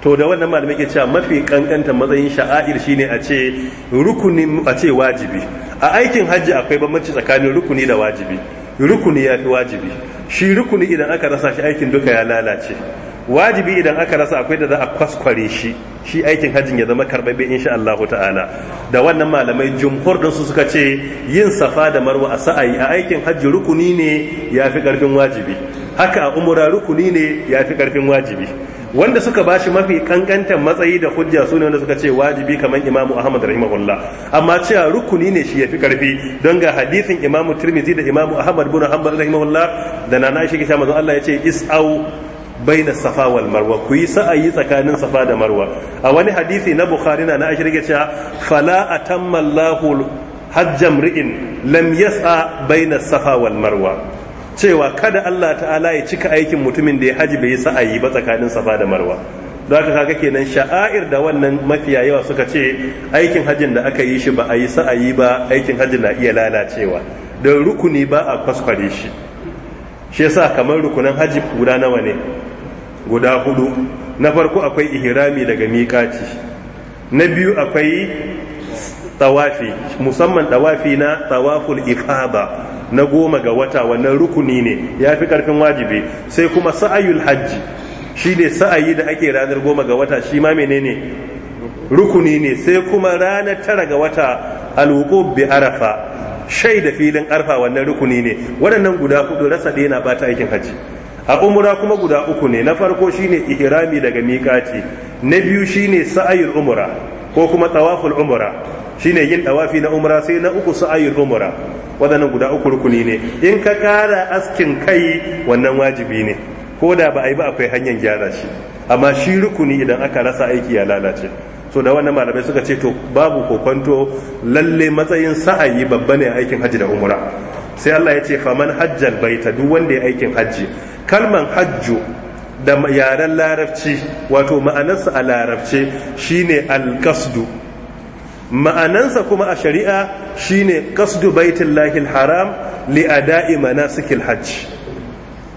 to da wannan malamin ke cewa mafi kankanta matsayin sha'air shine a ce rukuni a ce wajibi a aikin haji akwai bambanci tsakanin rukuni da wajibi rukuni ya fi wajibi shi rukuni idan aka rasa shi aikin duka ya lalace wajibi idan aka rasa akwai da za a kwaskware shi shi aikin hajjin ya zama karɓaɓɓe insha Allah ta'ala da wannan malamai jumhur din su suka ce yin safa da marwa a sa'ayi a aikin hajji rukuni ne ya fi ƙarfin wajibi haka a umura rukuni ne ya fi ƙarfin wajibi wanda suka bashi mafi kankantan matsayi da hujja su ne wanda suka ce wajibi kamar imamu ahmad rahimahullah amma cewa rukuni ne shi yafi karfi don ga hadisin imamu tirmizi da imamu ahmad bin hanbal rahimahullah da nana aisha cewa manzon Allah ce is'au baina safa wal marwa ku yi sa'ayi tsakanin safa da marwa a wani hadisi na bukhari na aisha rike cewa fala atamma Allahu hajjam ri'in lam yas'a baina safa wal marwa cewa kada Allah ta'ala ya cika aikin mutumin da ya haji bai sa'ayi ba tsakanin safa da marwa don haka kaga kenan sha'air da wannan mafiya yawa suka ce aikin hajjin da aka yi shi ba a yi sa'ayi ba aikin hajji na iya lalacewa don rukuni ba a kwaskware shi shi yasa kamar rukunan hajji guda nawa ne guda hudu na farko akwai ihrami daga miƙaci na biyu akwai tawafi musamman tawafi na tawaful ifada na goma ga wata wannan rukuni ne ya fi karfin wajibi sai kuma sa'ayul hajji shi ne sa'ayi da ake ranar goma ga wata shi ma menene rukuni ne sai kuma ranar tara ga wata alwuquf bi arafa shaida filin arfa wannan rukuni ne waɗannan guda hudu rasa ɗaya na bata aikin hajji a umura kuma guda uku ne na farko shine ihrami daga miƙaci na biyu shine sa'ayul umra ko kuma tawaful umra shine yin tawafi na umra sai na uku sa'ayul umra wadannan guda uku rukuni ne in ka kara askin kai wannan wajibi ne ko da ba a yi ba akwai hanyar gyara shi amma shi rukuni idan aka rasa aiki ya lalace so da wannan malamai suka ce to babu kokonto lalle matsayin sa'ayi babba ne a aikin hajji da umra sai Allah ya ce faman hajjal baita duk wanda ya aikin hajji kalman hajju da yaren larabci wato ma'anarsa a larabce shine alkasdu ma'anarsa kuma a shari'a shine kasdu baitin lahil haram li ada'i sukil hajji.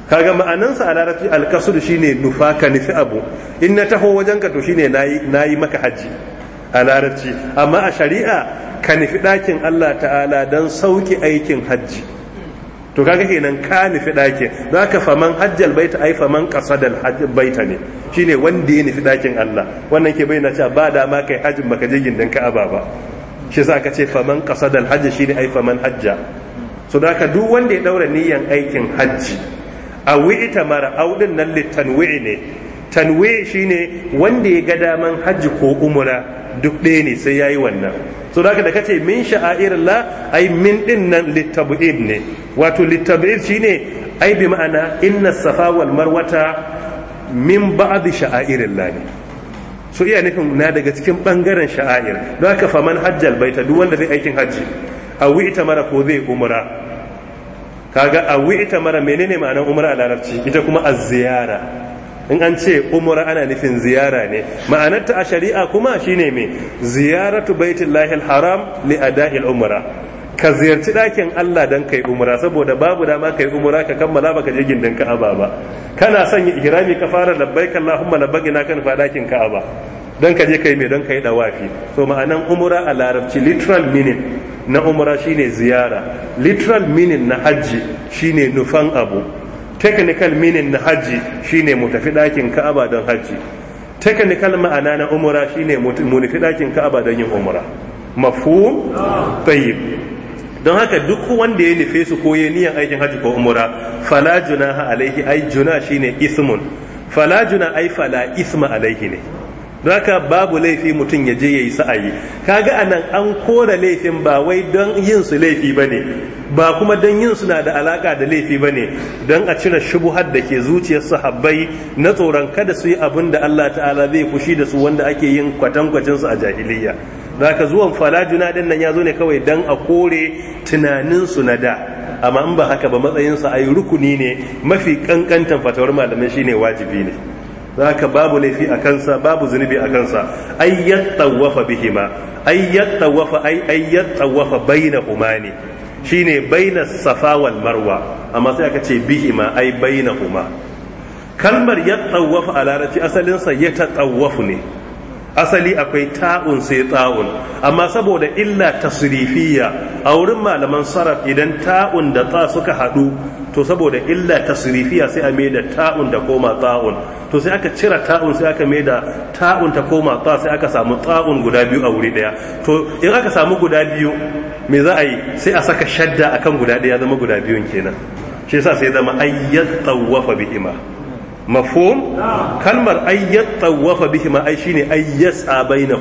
kaga ma'anarsa a larabci alkasdu shine nufa ka nufi abu in na taho wajen ka to shine na nayi maka hajji a larabci amma a shari'a ka nufi ɗakin Allah ta'ala don sauki aikin hajji to kaga kenan ka nufi ɗakin za ka faman hajjal baita ai faman da baita ne Shi ne wanda ya nufi ɗakin Allah wannan ke bayyana cewa ba ma kai hajjin baka je gindin aba ba shi yasa ka ce faman hajja hajji ne ai faman hajja so da ka duk wanda ya ɗaura niyan aikin hajji a wi'ita mara auɗin nan litanwi'i ne shi shine wanda ya ga daman hajji ko umura. duk ɗaya ne sai yayi wannan so da da kace min la, ai min din nan litab'id ne wato shi shine ai bi ma'ana inna safa wal marwata min ba'd la ne so iya nufin na daga cikin bangaren sha'air don haka faman hajjal baita duk wanda zai aikin hajji a wi'ita mara ko zai umra kaga a wi'ita mara menene ma'anar umra a larabci ita kuma a ziyara in an ce umura ana nufin ziyara ne ma'anarta a shari'a kuma shine mai ziyaratu baitullahil haram li ada'il umra ka ziyarci ɗakin Allah don kai umra saboda babu dama kai umra ka kammala baka je gindin Ka'aba ba kana son ihrami ka fara labbaik Allahumma labbaik na kan fa ɗakin Ka'aba don ka je kai mai don kai dawafi so ma'anan umra a larabci literal meaning na umra shine ziyara literal meaning na hajji shine nufan abu technical meaning na hajji shine mu tafi ɗakin ka'aba don hajji technical ma'ana na umra shine mu nufi ɗakin ka'aba don yin umra mafhum tayyib don haka duk wanda ya nufe su ko ya niyan aikin hajji ko umra fala junaha alaihi ai juna shine ismun fala juna ai fala isma alaihi ne haka babu laifi mutum ya je ya yi sa'ayi kaga anan an kora laifin ba wai don yin su laifi ba ne ba kuma don yin su na da alaka da laifi ba ne don a cire shubuhar da ke zuciyar su Habbai na tsoron kada su yi abin da Allah ta'ala zai fushi da su wanda ake yin kwatankwacinsu a jahiliya zaka zuwan falajuna din nan ya zo ne kawai don a kore tunaninsu na da amma in ba haka ba matsayinsa a yi rukuni ne mafi kankantan fatawar malamai shine wajibi ne zaka babu laifi a kansa babu zunubi a kansa ay yattawafa bihima ay yattawafa ay ay yattawafa shi ne shine baina safa wal marwa amma sai aka ce bihima ay bainahuma kalmar tsawafa a larabci asalin ta yatawafu ne asali akwai ta'un sai ta'un amma saboda illa tasrifiyya a wurin malaman sarraf idan ta'un da ta suka haɗu to saboda illa tasrifiyya sai a mai da ta'un da koma ta'un to sai aka cira ta'un sai aka mai da ta'un ta koma ta sai aka samu ta'un guda biyu a wuri daya to in aka samu guda biyu me za a yi sai a saka shadda akan guda daya zama guda biyun kenan shi yasa sai zama ayyat tawwafa bi'ima mafhum kalmar ayyat tawafa ma ai shine ayyas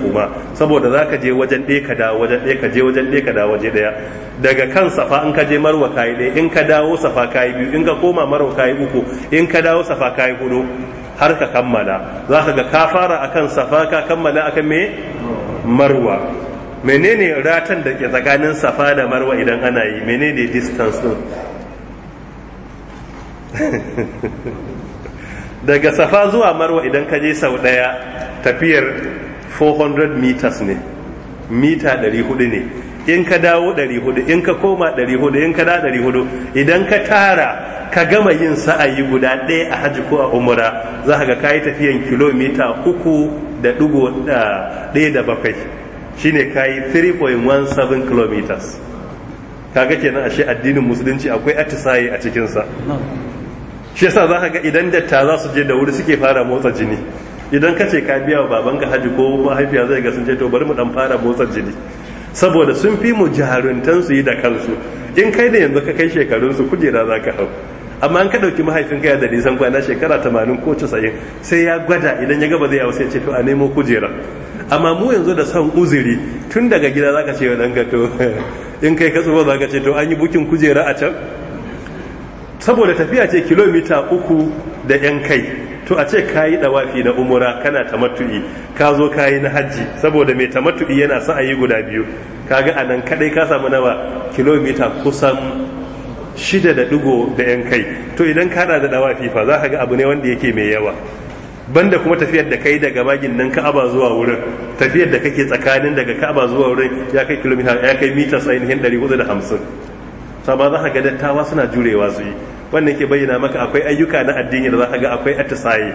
huma saboda zaka je wajen ɗaya ka dawo wajen ɗaya ka je wajen ɗaya ka dawo waje ɗaya daga kan safa in ka je marwa kayi ɗaya in ka dawo safa kayi biyu in ka koma marwa kayi uku in ka dawo safa kayi hudu har ka kammala za ka ga ka fara akan safa ka kammala akan me marwa menene ratan da ke tsakanin safa da marwa idan ana yi menene distance din daga safa zuwa marwa idan ka je sau ɗaya tafiyar 400 meters ne mita 400 ne in ka dawo 400 in ka koma 400 in ka da 400 idan ka tara ka gama yin sa'ayi guda ɗaya a hajji ko a umura za ka ga kayi tafiyan kilomita 3.17 shine kayi 3.17 kilometers kaga kenan ashe addinin musulunci akwai atisaye a cikinsa shi yasa za ka ga idan datta za su je da wuri suke fara motsa jini idan ka ce ka biya wa babanka haji ko mahaifiya zai ga sun ce to bari mu dan fara motsa jini saboda sun fi mu jaruntan su yi da kansu in kai da yanzu ka kai shekarun su kujera za ka hau amma an ka dauki ka ya da nisan kwana shekara 80 ko 90 sai ya gwada idan ya gaba zai yawo sai ce to a nemo kujera amma mu yanzu da son uzuri tun daga gida za ka ce wa danka to in kai ka za ka ce to an yi bukin kujera a can saboda tafiya ce kilomita uku da yan kai to a ce ka yi ɗawafi na umura kana ta tamattu'i ka zo ka yi na hajji saboda mai tamattu'i yana sa yi guda biyu kaga a nan kaɗai ka samu nawa kilomita kusan shida da ɗigo da yan kai to idan ka da ɗawafi fa za ka ga abu ne wanda yake mai yawa banda kuma tafiyar da kai daga bagin nan ka'aba zuwa wurin tafiyar da kake tsakanin daga ka'aba zuwa wurin ya kai kilomita ya kai mitas ainihin 450 sama za ka ga dattawa suna jurewa su yi wannan ke bayyana maka akwai ayyuka na addini da za ka ga akwai atisaye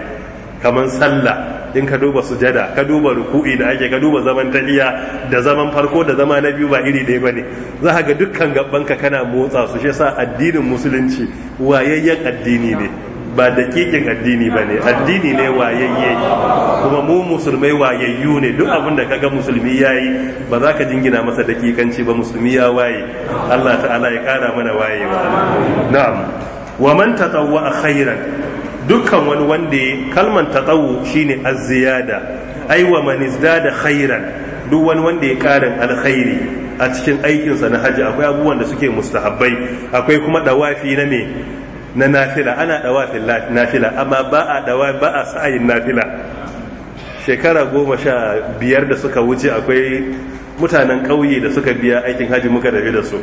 kamar sallah in ka duba sujada ka duba ruku'i da ake ka duba zaman taliya da zaman farko da zama na biyu ba iri ɗaya bane za ka ga dukkan gabanka kana motsa su shi yasa addinin musulunci wayayyen addini ne ba dakikin addini ba ne addini ne wayayye kuma mu musulmai wayayyu ne duk abin da kaga musulmi ya yi ba za ka jingina masa dakikanci ba musulmi ya waye allah ta'ala ya kara mana wayewa na'am wa man tatawwa khairan dukkan wani wanda kalman tatawu shine az-ziyada ai wa man izdada khairan duk wani wanda ya karin alkhairi a cikin aikinsa na hajji akwai abubuwan da suke mustahabbai akwai kuma dawafi na me na nafila ana dawafin nafila amma ba a dawa ba a sa'ayin nafila shekara goma sha biyar da suka wuce akwai mutanen ƙauye da suka biya aikin hajji muka tafi da su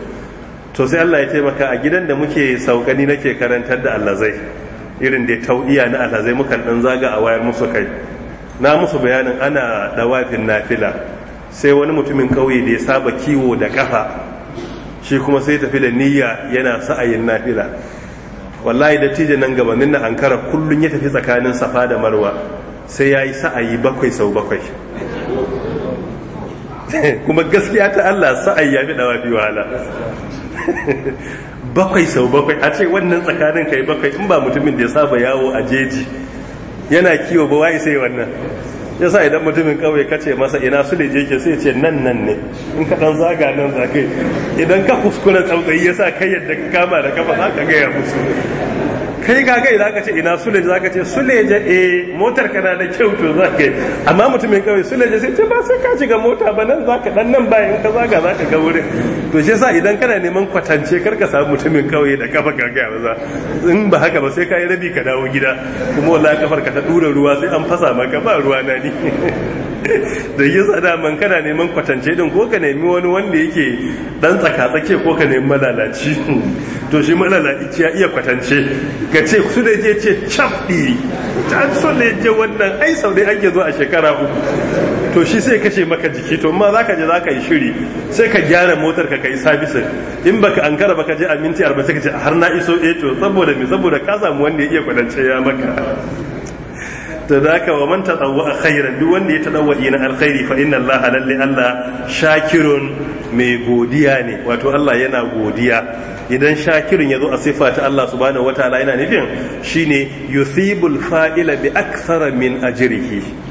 to sai Allah ya taimaka a gidan da muke saukani nake karantar da allazai irin da tau'iya na allazai mukan dan zaga a wayar musu kai na musu bayanin ana dawafin nafila sai wani mutumin kauye da ya saba kiwo da kafa shi kuma sai tafi da niyya yana sa'ayin nafila wallahi dattijo nan gaba na ankara kullun ya tafi tsakanin safa da marwa sai ya sa'ayi bakwai sau bakwai kuma gaskiya ta Allah sa'ayi ya fi dawa wahala bakwai sau bakwai a ce wannan tsakanin kai bakwai in ba mutumin da ya saba yawo a jeji yana kiwo ba "Wa isai wannan ya sa idan mutumin kawai ka ce masa ina su ne jeji sai ce nan nan ne in ka dan zaga nan zaga idan ka kuskura tsautsayi ya sa kai yadda ka kama da kafa za ka gaya musu kai kaga idan ka ce ina suleja ka ce suleja eh motar kana da kyau to zaka yi amma mutumin kawai suleja sai ce ba sai ka shiga mota ba nan za ka dan nan bayan ka zaga ka ga wurin to shi yasa idan kana neman kwatance kar ka samu mutumin kawai da kafa ka ga za in ba haka ba sai ka yi rabi ka dawo gida kuma wallahi kafar ka ta dura ruwa sai an fasa maka ba ruwa na ni da yi tsada man kana neman kwatance din ko ka nemi wani wanda yake dan tsakatsake ko ka nemi malalaci to shi malalaci ya iya kwatance ka ce su da je ce chapdi ta so da je wannan ai sau dai ake zo a shekara uku to shi sai kashe maka jiki to amma zaka je zaka yi shiri sai ka gyara motar ka kai sabisin in baka ankara baka je a minti 40 sai ka ce har na iso eh to saboda me saboda ka samu wanda ya iya kwatance ya maka to da haka wa man tatawwa khairan duk wanda ya tadawwa na alkhairi fa inna Allah lalle Allah shakirun mai godiya ne wato Allah yana godiya idan shakirun yazo a sifa ta Allah subhanahu wataala yana nufin shine yusibul fa'ila bi akthara min ajrihi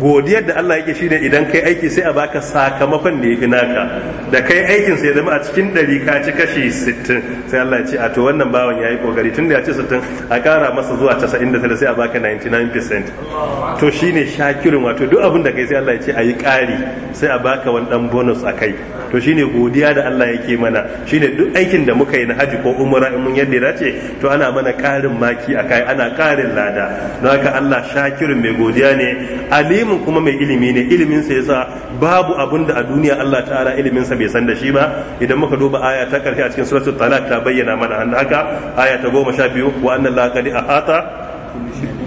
godiyar da Allah yake shine idan kai aiki sai a baka sakamakon da yafi naka da kai aikin sai zama a cikin ɗari ka ci kashi 60 sai Allah ya ce a to wannan bawan yayi kokari tun da ya ce 60 a kara masa zuwa 99 sai a baka 99% to shine shakirin wato duk abin da kai sai Allah ya ce a yi ƙari sai a baka wani dan bonus a kai to shine godiya da Allah yake mana shine duk aikin da muka yi na haji ko umra in mun yadda dace to ana mana ƙarin maki a kai ana ƙarin lada don haka Allah shakirin mai godiya ne ali alimin kuma mai ilimi ne ilimin sa yasa babu abun da a duniya Allah ta'ala ilimin sa bai san da shi ba idan muka duba aya ta karshe a cikin suratul talaq ta bayyana mana an haka aya ta 12 wa anna la qad ahata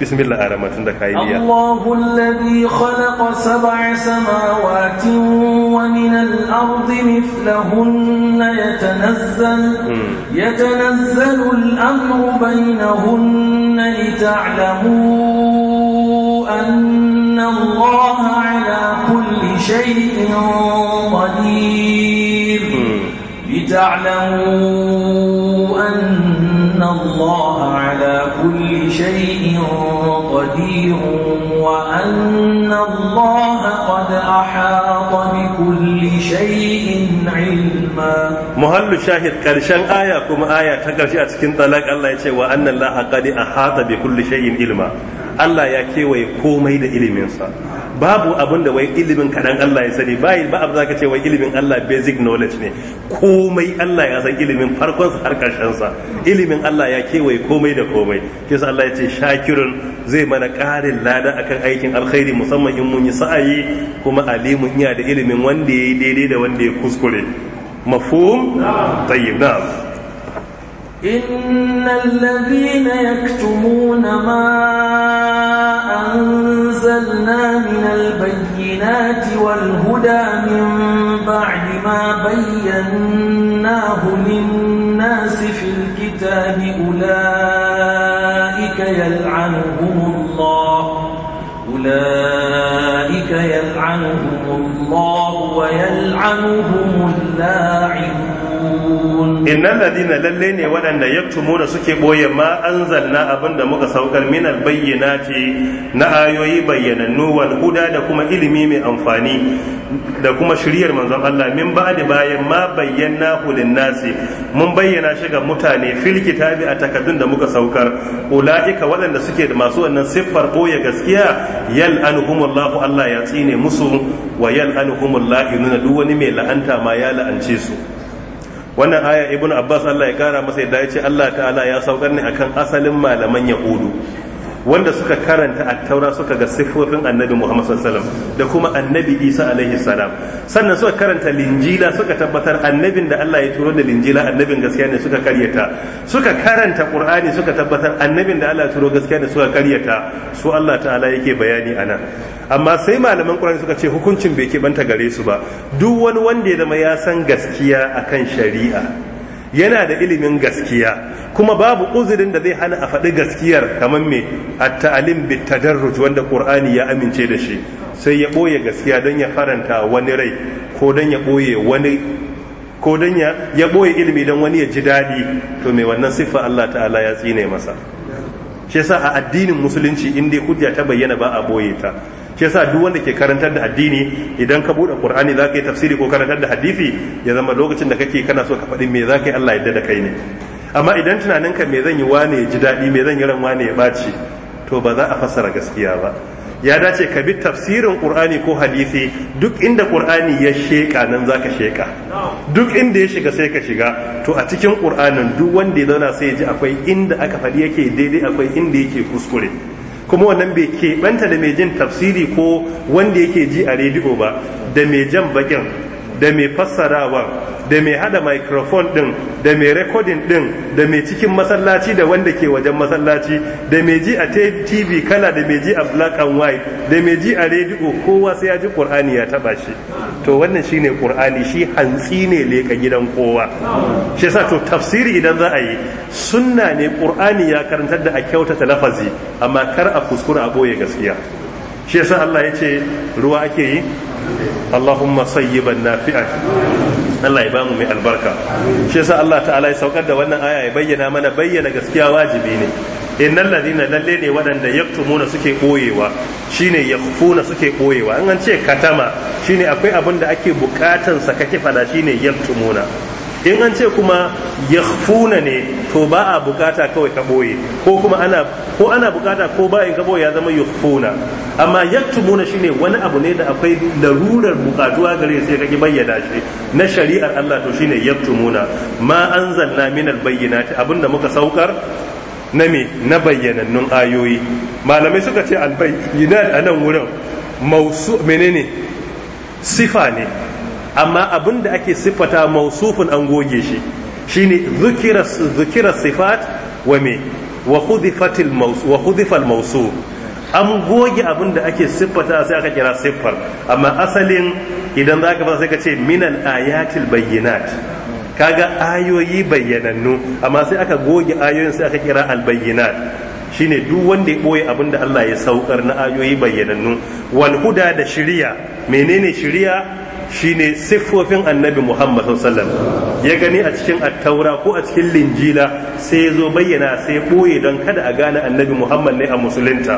بسم الله الرحمن الرحيم الله الذي خلق سبع سماوات ومن الأرض مثلهن يتنزل يتنزل بينهن لتعلموا الله على كل شيء قدير لتعلموا أن الله على كل شيء قدير وأن الله أحاط بكل شيء علما محل شاهد كرشان آية كما آية تكرشي أتكين طلاق الله يتشي وأن الله قد أحاط بكل شيء علما الله يكي ويكومي دا إلمنسا babu abin da wai ilimin kaɗan Allah ya sani bayi ba abu ka ce wai ilimin Allah basic knowledge ne komai Allah ya san ilimin farkon sa har karshen sa ilimin Allah ya kewaye komai da komai kisa Allah ya ce shakirun zai mana ƙarin lada akan aikin alkhairi musamman in mun yi sa'ayi kuma kuma alimun iya da ilimin wanda ya yi daidai da wanda ya kuskure In tayyib na innal ladhina yaktumuna ma anzalna minal bayyinati wal huda min ba'di ma bayyanahu lin-nasi fil kitabi ulaika yal'anuhumullah ulaika ذلك يلعنهم الله ويلعنهم اللاعب innan ladina lalle ne waɗanda da suke boye ma anzalna abinda muka saukar bayyana ce na ayoyi bayyanannu wal huda da kuma ilimi mai amfani da kuma shiryar manzon Allah min ba'di bayan ma bayyana hulin nasi mun bayyana shi ga mutane fil kitabi a takaddun da muka saukar ulaika waɗanda suke da masu wannan siffar boye gaskiya yal anhumullahu Allah ya tsine musu wa yal nuna duk wani mai la'anta ma ya la'ance su wannan aya ibnu abbas Allah ya kara masa yadda ya ce Allah ta'ala ya saukar ne akan asalin malaman yahudu wanda suka karanta a taura suka ga siffofin annabi muhammad sallallahu da kuma annabi isa alaihi salam sannan suka karanta linjila suka tabbatar annabin da allah ya turo da linjila annabin gaskiya ne suka karyata suka karanta qur'ani suka tabbatar annabin da allah ya turo gaskiya ne suka karyata su allah ta'ala yake bayani anan amma sai malaman qur'ani suka ce hukuncin bai banta gare su ba duk wani wanda ya zama ya san gaskiya akan shari'a yana da ilimin gaskiya kuma babu uzurin da zai hana a faɗi gaskiyar kamar me a talim bit wanda qur'ani ya amince da shi sai ya boye gaskiya don ya faranta wani rai ko don ya boye wani ko don ya ilimi don wani ya ji daɗi to me wannan siffa Allah ta'ala ya tsine masa shi yasa a addinin musulunci in dai hujja ta bayyana ba a ɓoye ta shi yasa duk wanda ke karantar da addini idan ka bude qur'ani za ka yi tafsiri ko karantar da hadisi ya zama lokacin da kake kana so ka faɗi me za ka yi Allah yadda da kai ne amma idan tunaninka me zan yi wane ji daɗi me zan yi ran wane ya baci to ba za a fassara gaskiya ba ya dace ka bi tafsirin qur'ani ko hadisi duk inda qur'ani ya sheka nan zaka sheka duk inda ya shiga sai ka shiga to a cikin qur'anin duk wanda ya zauna sai ya ji akwai inda aka faɗi yake daidai akwai inda yake kuskure kuma wannan bai keɓanta da mai jin tafsiri ko wanda yake ji a rediyo ba da mai jan bakin da mai fassarawa da mai hada microphone din da mai recording din da mai cikin masallaci da wanda ke wajen masallaci da mai ji a tv kala da mai ji a black and white da mai ji a rediyo kowa sai ya ji qur'ani ya taba shi to wannan shine qur'ani shi hantsi ne leka gidan kowa shi yasa to tafsiri idan za a yi sunna ne qur'ani ya karantar da a kyautata lafazi amma kar a kuskura a boye gaskiya shi yasa Allah ya ce ruwa ake yi Allahumma sayyiban nafi'a Allah ya bamu mai albarka shi yasa Allah ta'ala ya saukar da wannan aya ya bayyana mana bayyana gaskiya wajibi ne innal ladina lalle ne waɗanda yaktumuna suke koyewa shine yakhfuna suke koyewa an an ce katama shine akwai abin da ake bukatan sa kake fada shine yaktumuna in an ce kuma funa ne to ba a bukata kawai ka boye ko kuma ana ko ana bukata ko bayan ka boye ya zama funa amma shi ne wani abu ne da akwai larurar bukatuwa gare sai kake bayyana shi na shari'ar Allah to shine tumuna ma anzalna ta, bayyinati abinda muka saukar na me na bayyanannun ayoyi malamai suka ce albayyinat a nan wurin mausu menene sifa ne amma abin da ake siffata mausufin an goge shi shine ne sifat wa me wa khudifatil maus an goge abin da ake siffata sai aka kira siffar amma asalin idan zaka fara sai ka ce minal ayatil bayyinat kaga ayoyi bayyanannu amma sai aka goge ayoyin sai aka kira albayyinat shine duk wanda ya boye abin da Allah ya saukar na ayoyi bayyanannu wal huda da shiriya menene shiriya Shi ne siffofin annabi Muhammad sallallahu ya gani a cikin attaura ko a cikin linjila sai ya zo bayyana sai boye don kada a gane annabi Muhammad ne a musulunta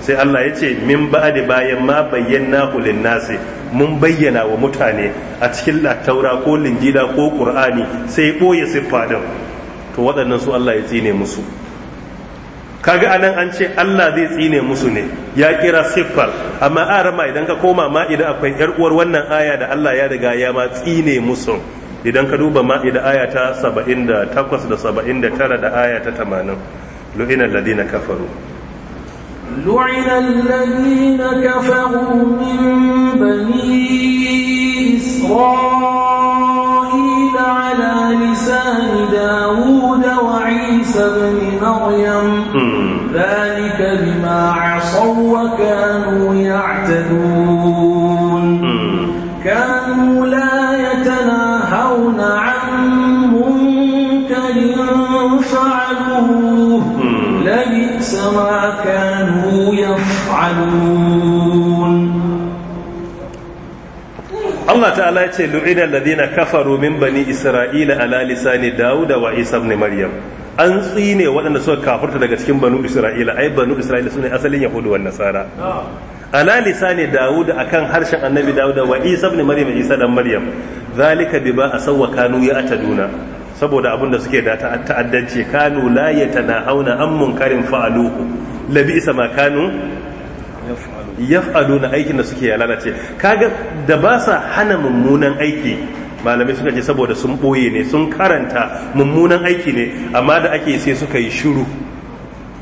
sai Allah ya ce min ba'adi bayan ma bayyana hulin nasi mun bayyana wa mutane a cikin attaura ko linjila ko ƙur'ani sai boye siffa din to waɗannan su Allah ya tsine musu kaga anan an ce Allah zai tsine musu ne ya kira siffar amma arama idan ka koma ma idan akwai yar uwar wannan aya da Allah ya riga ya ma tsine musu idan ka duba ma idan aya ta 78 da 79 da aya ta 80 lu'ina alladhina kafaru لعن الذين كفروا من بني إسرائيل على لسان داود وعيسى بن مريم ta'ala ya ce lu'ina alladhina kafaru min bani isra'ila ala lisani wa isa ibn maryam an tsine waɗanda suka kafirta daga cikin banu isra'ila ai banu isra'ila sune asalin yahudu wa nasara ala lisani dawud akan harshen annabi dawud wa isa ibn maryam isa dan maryam zalika biba asawwa kanu ya ataduna saboda abin da suke da ta'addanci kanu la yatanahawna an munkarin fa'aluhu labi isa ma kanu na aikin da suke ya lalace kaga da ba sa hana mummunan aiki malamai suka ce saboda sun boye ne sun karanta mummunan aiki ne amma da ake sai suka yi shiru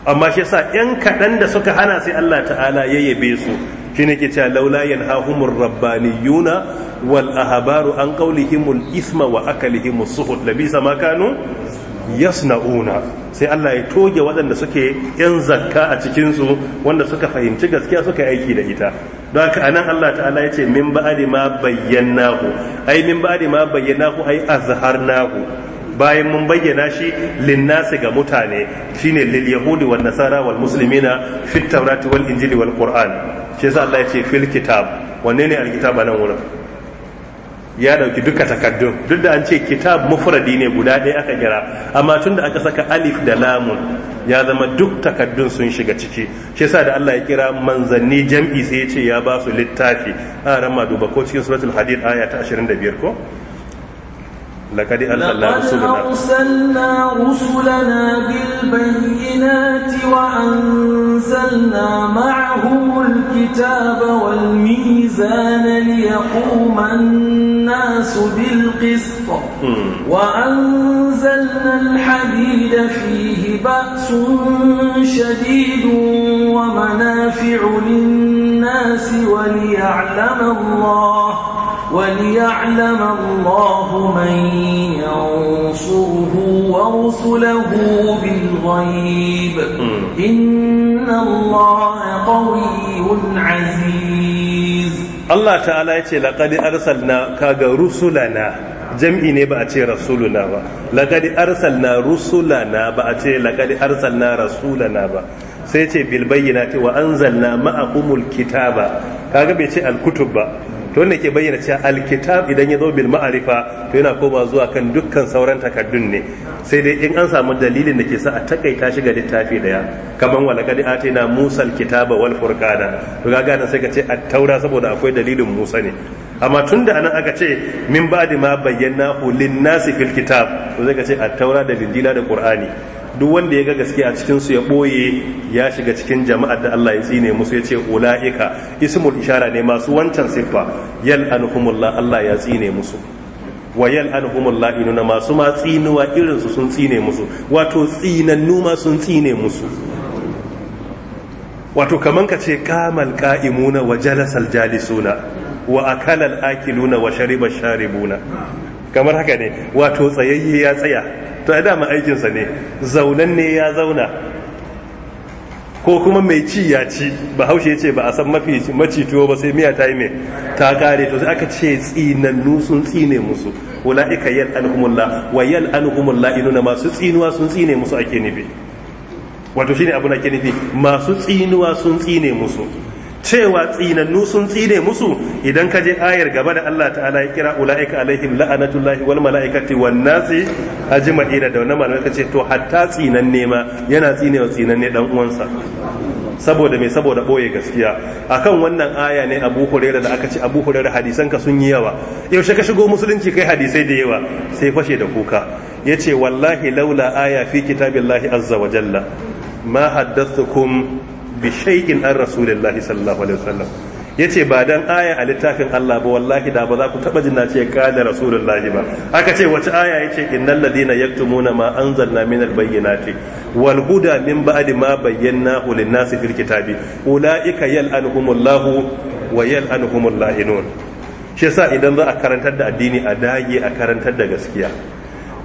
amma shi yasa yan kaɗan da suka hana sai Allah ta'ala ya yabe su shine ke cewa laula yanhahumur rabbaniyuna wal ahbaru an qawlihimul isma wa akalihimus suhud labisa ma kanu yasna'una sai Allah ya toge waɗanda suke yan zakka a cikin su wanda suka fahimci gaskiya suka yi aiki da ita don haka anan Allah ta'ala ya ce min ba'di ma bayyanahu ai min ba'di ma bayyanahu ai azharnahu bayan mun bayyana shi linnasi ga mutane shine lil yahudi wal nasara wal muslimina fit tawrat wal injili wal qur'an sai yasa Allah yace ce fil kitab wanne ne kitab nan wurin ya dauki duka takaddun duk da an ce kitab mufradi ne guda ɗaya aka kira amma tunda aka saka alif da lamun ya zama duk takaddun sun shiga ciki shi yasa da Allah ya kira manzanni jam'i sai ya ce ya ba su littafi a ran duba ko cikin suratul hadid aya ta 25 ko لقد أرسلنا رسلنا أرسلنا رسلنا بالبينات وأنزلنا معهم الكتاب والميزان ليقوم الناس بالقسط وأنزلنا الحديد فيه بأس شديد ومنافع للناس وليعلم الله وليعلم الله من ينصره ورسله بالغيب إن الله قوي عزيز الله تعالى يقول لقد أرسلنا كاغا رسلنا jam'i ne ba a ce rasuluna ba laƙadi arsalna rusulana ba a ce laƙadi arsalna rasulana ba sai ce bilbayyana ta wa anzalna ma'akumul kitaba kaga bai ce alkutub ba to wanda ke bayyana cewa alkitab idan ya zo bil ma'arifa to yana koma zuwa kan dukkan sauran takaddun ne sai dai in an samu dalilin da ke sa a takaita shi ga littafi daya kaman wala kadi atina musa alkitaba wal furqana to ga nan sai ka ce at-taura saboda akwai dalilin musa ne amma tun da anan aka ce min ba'di ma bayyana hu lin-nasi fil kitab to sai ka ce at-taura da linjila da qur'ani duk wanda ya ga gaske a cikin su ya boye ya shiga cikin jama'ar da Allah ya tsine musu ya ce ulaika ismul ishara ne masu wancan siffa yal anhumullah Allah ya tsine musu wa yal anhumullah la'inuna masu ma tsinuwa irin su sun tsine musu wato tsinannu ma sun tsine musu wato kaman ka ce kamal qa'imuna wa jalasal jalisuna wa akala al akiluna wa shariba sharibuna kamar haka ne wato tsayayye ya tsaya to da dama aikinsa ne zaunan ne ya zauna ko kuma mai ci ya ci ba haushe ce ba a san mafi maci tuwo ba sai miya ta yi mai ta kare to sai aka ce tsinannu sun tsine musu ula'ika yal alhumullah wa yal alhumullah na masu tsinuwa sun tsine musu ake nufi wato shine abu na ke nufi masu tsinuwa sun tsine musu cewa tsinannu sun tsine musu idan ka je ayar gaba da Allah ta'ala ya kira ula'ika alaihim la'anatullahi wal mala'ikati wan nasi ajma'ina da wannan malamai ce to hatta tsinanne ma yana tsinewa tsinanne dan uwansa saboda me saboda boye gaskiya akan wannan aya ne abu Hurairah da aka ce abu Hurairah hadisan ka sun yi yawa yaushe ka shigo musulunci kai hadisai da yawa sai fashe da kuka yace wallahi laula aya fi kitabillahi azza wa jalla ma haddathukum bi an rasulillahi sallallahu alaihi wasallam yace ba dan aya a littafin Allah ba wallahi da ba za ku taba jin nace qala rasulullahi ba aka ce wace aya yace innal ladina yaktumuna ma anzalna min bayyinati wal huda min ba'di ma bayyana lin-nasi fil kitabi ulaika yal'anuhumullahu wa yal'anuhumul la'inun shi yasa idan za a karantar da addini a dage a karantar da gaskiya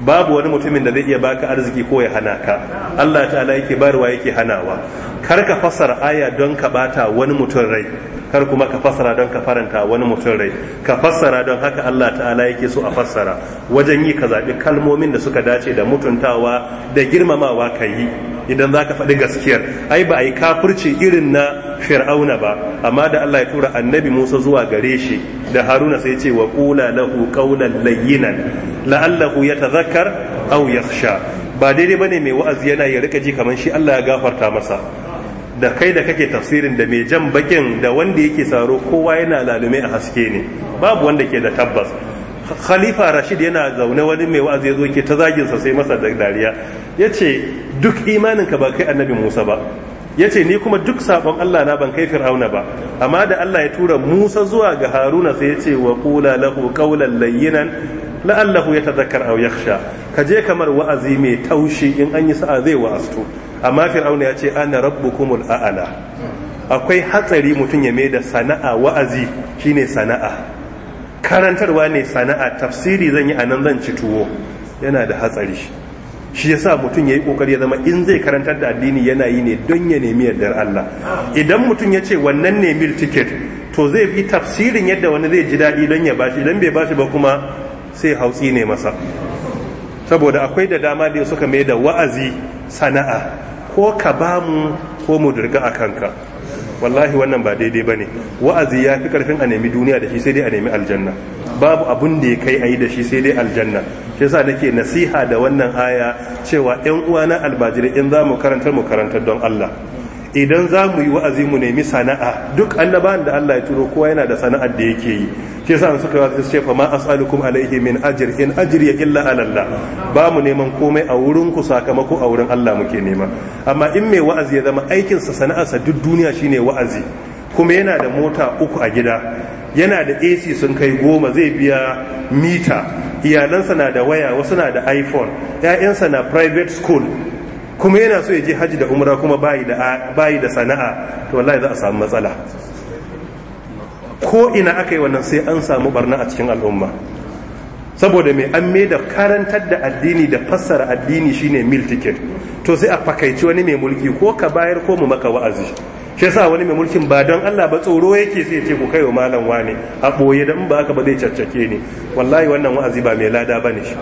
babu wani mutumin da zai iya baka arziki ko ya hana ka Allah ta'ala yake barwa yake hanawa kar ka fasara aya don ka bata wani mutum rai kar kuma ka fasara don ka faranta wani mutum rai ka fasara don haka Allah ta'ala yake so a fasara wajen yi ka zaɓi kalmomin da suka dace da mutuntawa da girmamawa ka yi idan za ka faɗi gaskiyar ai ba a yi kafirci irin na fir'auna ba amma da Allah ya tura annabi Musa zuwa gare shi da Haruna sai ce wa qula lahu qawlan layyinan la'allahu yatadhakkar aw yakhsha ba daidai bane mai wa'azi yana ya rika ji kamar shi Allah ya gafarta masa da kai da kake tafsirin da mai jan bakin da wanda yake saro kowa yana lalume a haske ne babu wanda ke da tabbas khalifa rashid yana zaune wani mai wa'azi ya zo ke ta zagin sa sai masa dariya yace duk imanin ka ba kai annabi musa ba yace ni kuma duk sabon allah na ban kai fir'auna ba amma da allah ya tura musa zuwa ga haruna sai yace wa kula lahu qawlan layyinan la'allahu ya tazakkar aw yakhsha ka je kamar wa'azi mai taushi in an yi sa'a zai wa'astu amma fir'auna ya ce ana rabbukumul a'ala akwai hatsari mutum ya da sana'a wa'azi shine sana'a karantarwa ne sana'a tafsiri zan yi anan zan ci tuwo yana da hatsari shi yasa mutum yayi kokari ya zama in zai karantar da addini yana yi ne don ya nemi yardar Allah idan mutum ya ce wannan ne mil ticket to zai bi tafsirin yadda wani zai ji daɗi don ya bashi don bai bashi ba kuma sai hautsi ne masa saboda akwai da dama da suka mai da wa'azi sana'a ko ka ba mu ko mu durga a kanka wallahi wannan ba daidai ba ne wa'azi ya fi karfin a nemi duniya da shi sai dai a nemi aljanna babu abun da ya kai a yi da shi sai dai aljanna shi sa nake nasiha da wannan aya cewa yan uwana albajirai in za mu karantar mu karantar don Allah idan za mu yi wa'azi mu nemi sana'a duk annabawan da Allah ya turo kowa yana da sana'ar da yake yi shi yasa suka yi ce fa ma as'alukum alaihi min ajr in ajri illa ala Allah ba mu neman komai a wurin ku sakamako a wurin Allah muke nema amma in mai wa'azi ya zama aikin sa sana'arsa duk duniya shine wa'azi kuma yana da mota uku a gida yana da AC sun kai goma zai biya mita iyalansa na da waya wasu na da iPhone ƴaƴansa na private school kuma yana so ya je hajji da umra kuma bayi da bayi da sana'a to wallahi za a samu matsala ko ina aka yi wannan sai an samu barna a cikin al'umma saboda mai an da karantar da addini da fassara addini shine mil ticket to sai a fakaici wani mai mulki ko ka bayar ko mu maka wa'azi shi yasa wani mai mulkin ba don Allah ba tsoro yake sai ce ku kai wa malam wane a boye dan ba aka ba zai caccake ne wallahi wannan wa'azi ba mai lada bane shi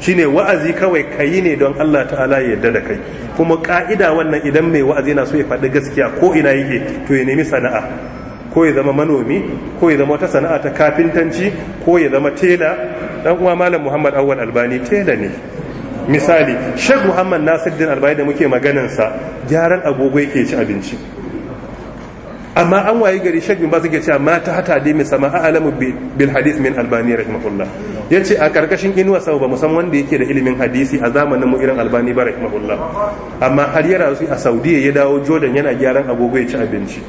shine wa'azi kawai kayi ne don Allah ta'ala ya yarda da kai kuma ka'ida wannan idan mai wa'azi na so ya faɗi gaskiya ko ina yake to ya nemi sana'a ko ya zama manomi ko ya zama wata sana'a ta kafintanci ko ya zama tela dan uwa malam muhammad awwal albani tela ne misali shek muhammad nasiruddin albani da muke sa gyaran agogo yake ci abinci amma an waye gari shek bin ba ke cewa mata hata dai mai sama alamu bil hadith min albani rahimahullah yace a karkashin inuwa sau ba san wanda yake da ilimin hadisi a zamanin mu irin albani ba rahimahullah amma har yara su a saudiya ya dawo jordan yana gyaran agogo ya ci abinci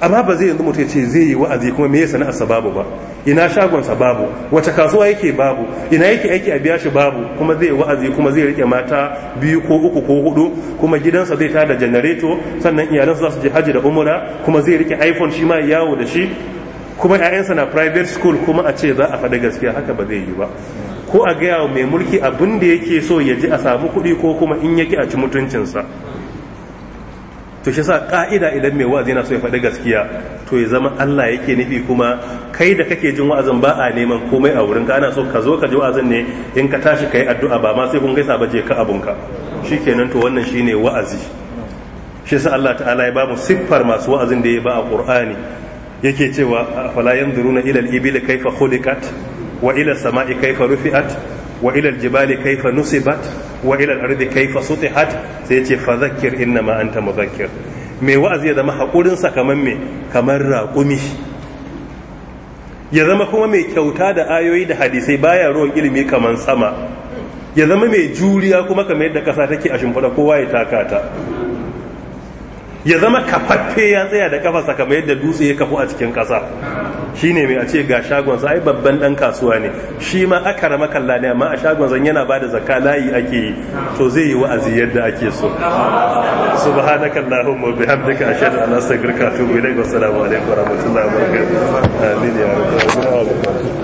amma ba zai yanzu mutum ya ce zai yi wa'azi kuma me yasa na babu ba ina shagonsa babu wace kasuwa yake babu ina yake aiki a biya shi babu kuma zai wa'azi kuma zai rike mata biyu ko uku ko hudu kuma gidansa zai tada janareto sannan iyalansa za su je haji da umura kuma zai rike iphone shi ma yawo da shi kuma 'ya'yansa na private school kuma a ce za a faɗi gaskiya haka ba zai yi ba ko a gaya wa mai mulki abin da yake so ya ji a samu kuɗi ko kuma in yake a ci mutuncinsa to shi sa ka'ida idan mai wa'azi yana so ya faɗi gaskiya to ya zama Allah yake nufi kuma kai da kake jin wa'azin ba a neman komai a wurin ka ana so ka zo ka ji wa'azin ne in ka tashi ka yi addu'a ba ma sai kun gaisa ba je ka abunka shikenan to wannan shine wa'azi shi sa Allah ta'ala ya ba mu siffar masu wa'azin da ya ba a Qur'ani yake cewa fala yanzuruna ila al-ibili kayfa khuliqat wa ila samai kayfa rufi'at wa ilal jibali kaifa nusibat wa ilal ardi kaifa sutihat sai yace fa zakkir innama anta mudhakkir me wa'azi ya zama hakurin sa kaman me kamar raqumi ya zama kuma mai kyauta da ayoyi da hadisai baya ruwan ilimi kaman sama ya zama mai juriya kuma kamar yadda kasa take a shimfiɗa kowa ya taka ya zama kafaffe ya tsaya da kafarsa kamar yadda dutse ya kafu a cikin ƙasa shi ne mai a ce ga shagonsa ai babban ɗan kasuwa ne shi ma aka rama kalla ne amma a shagonsa yana ba da zaka layi ake yi to zai yi wa'azi yadda ake so subhanaka allahumma bihamdika ashhadu an la ilaha illa anta astaghfiruka wa atubu ilaik wa assalamu alaikum wa rahmatullahi wa barakatuh amin ya rabbal alamin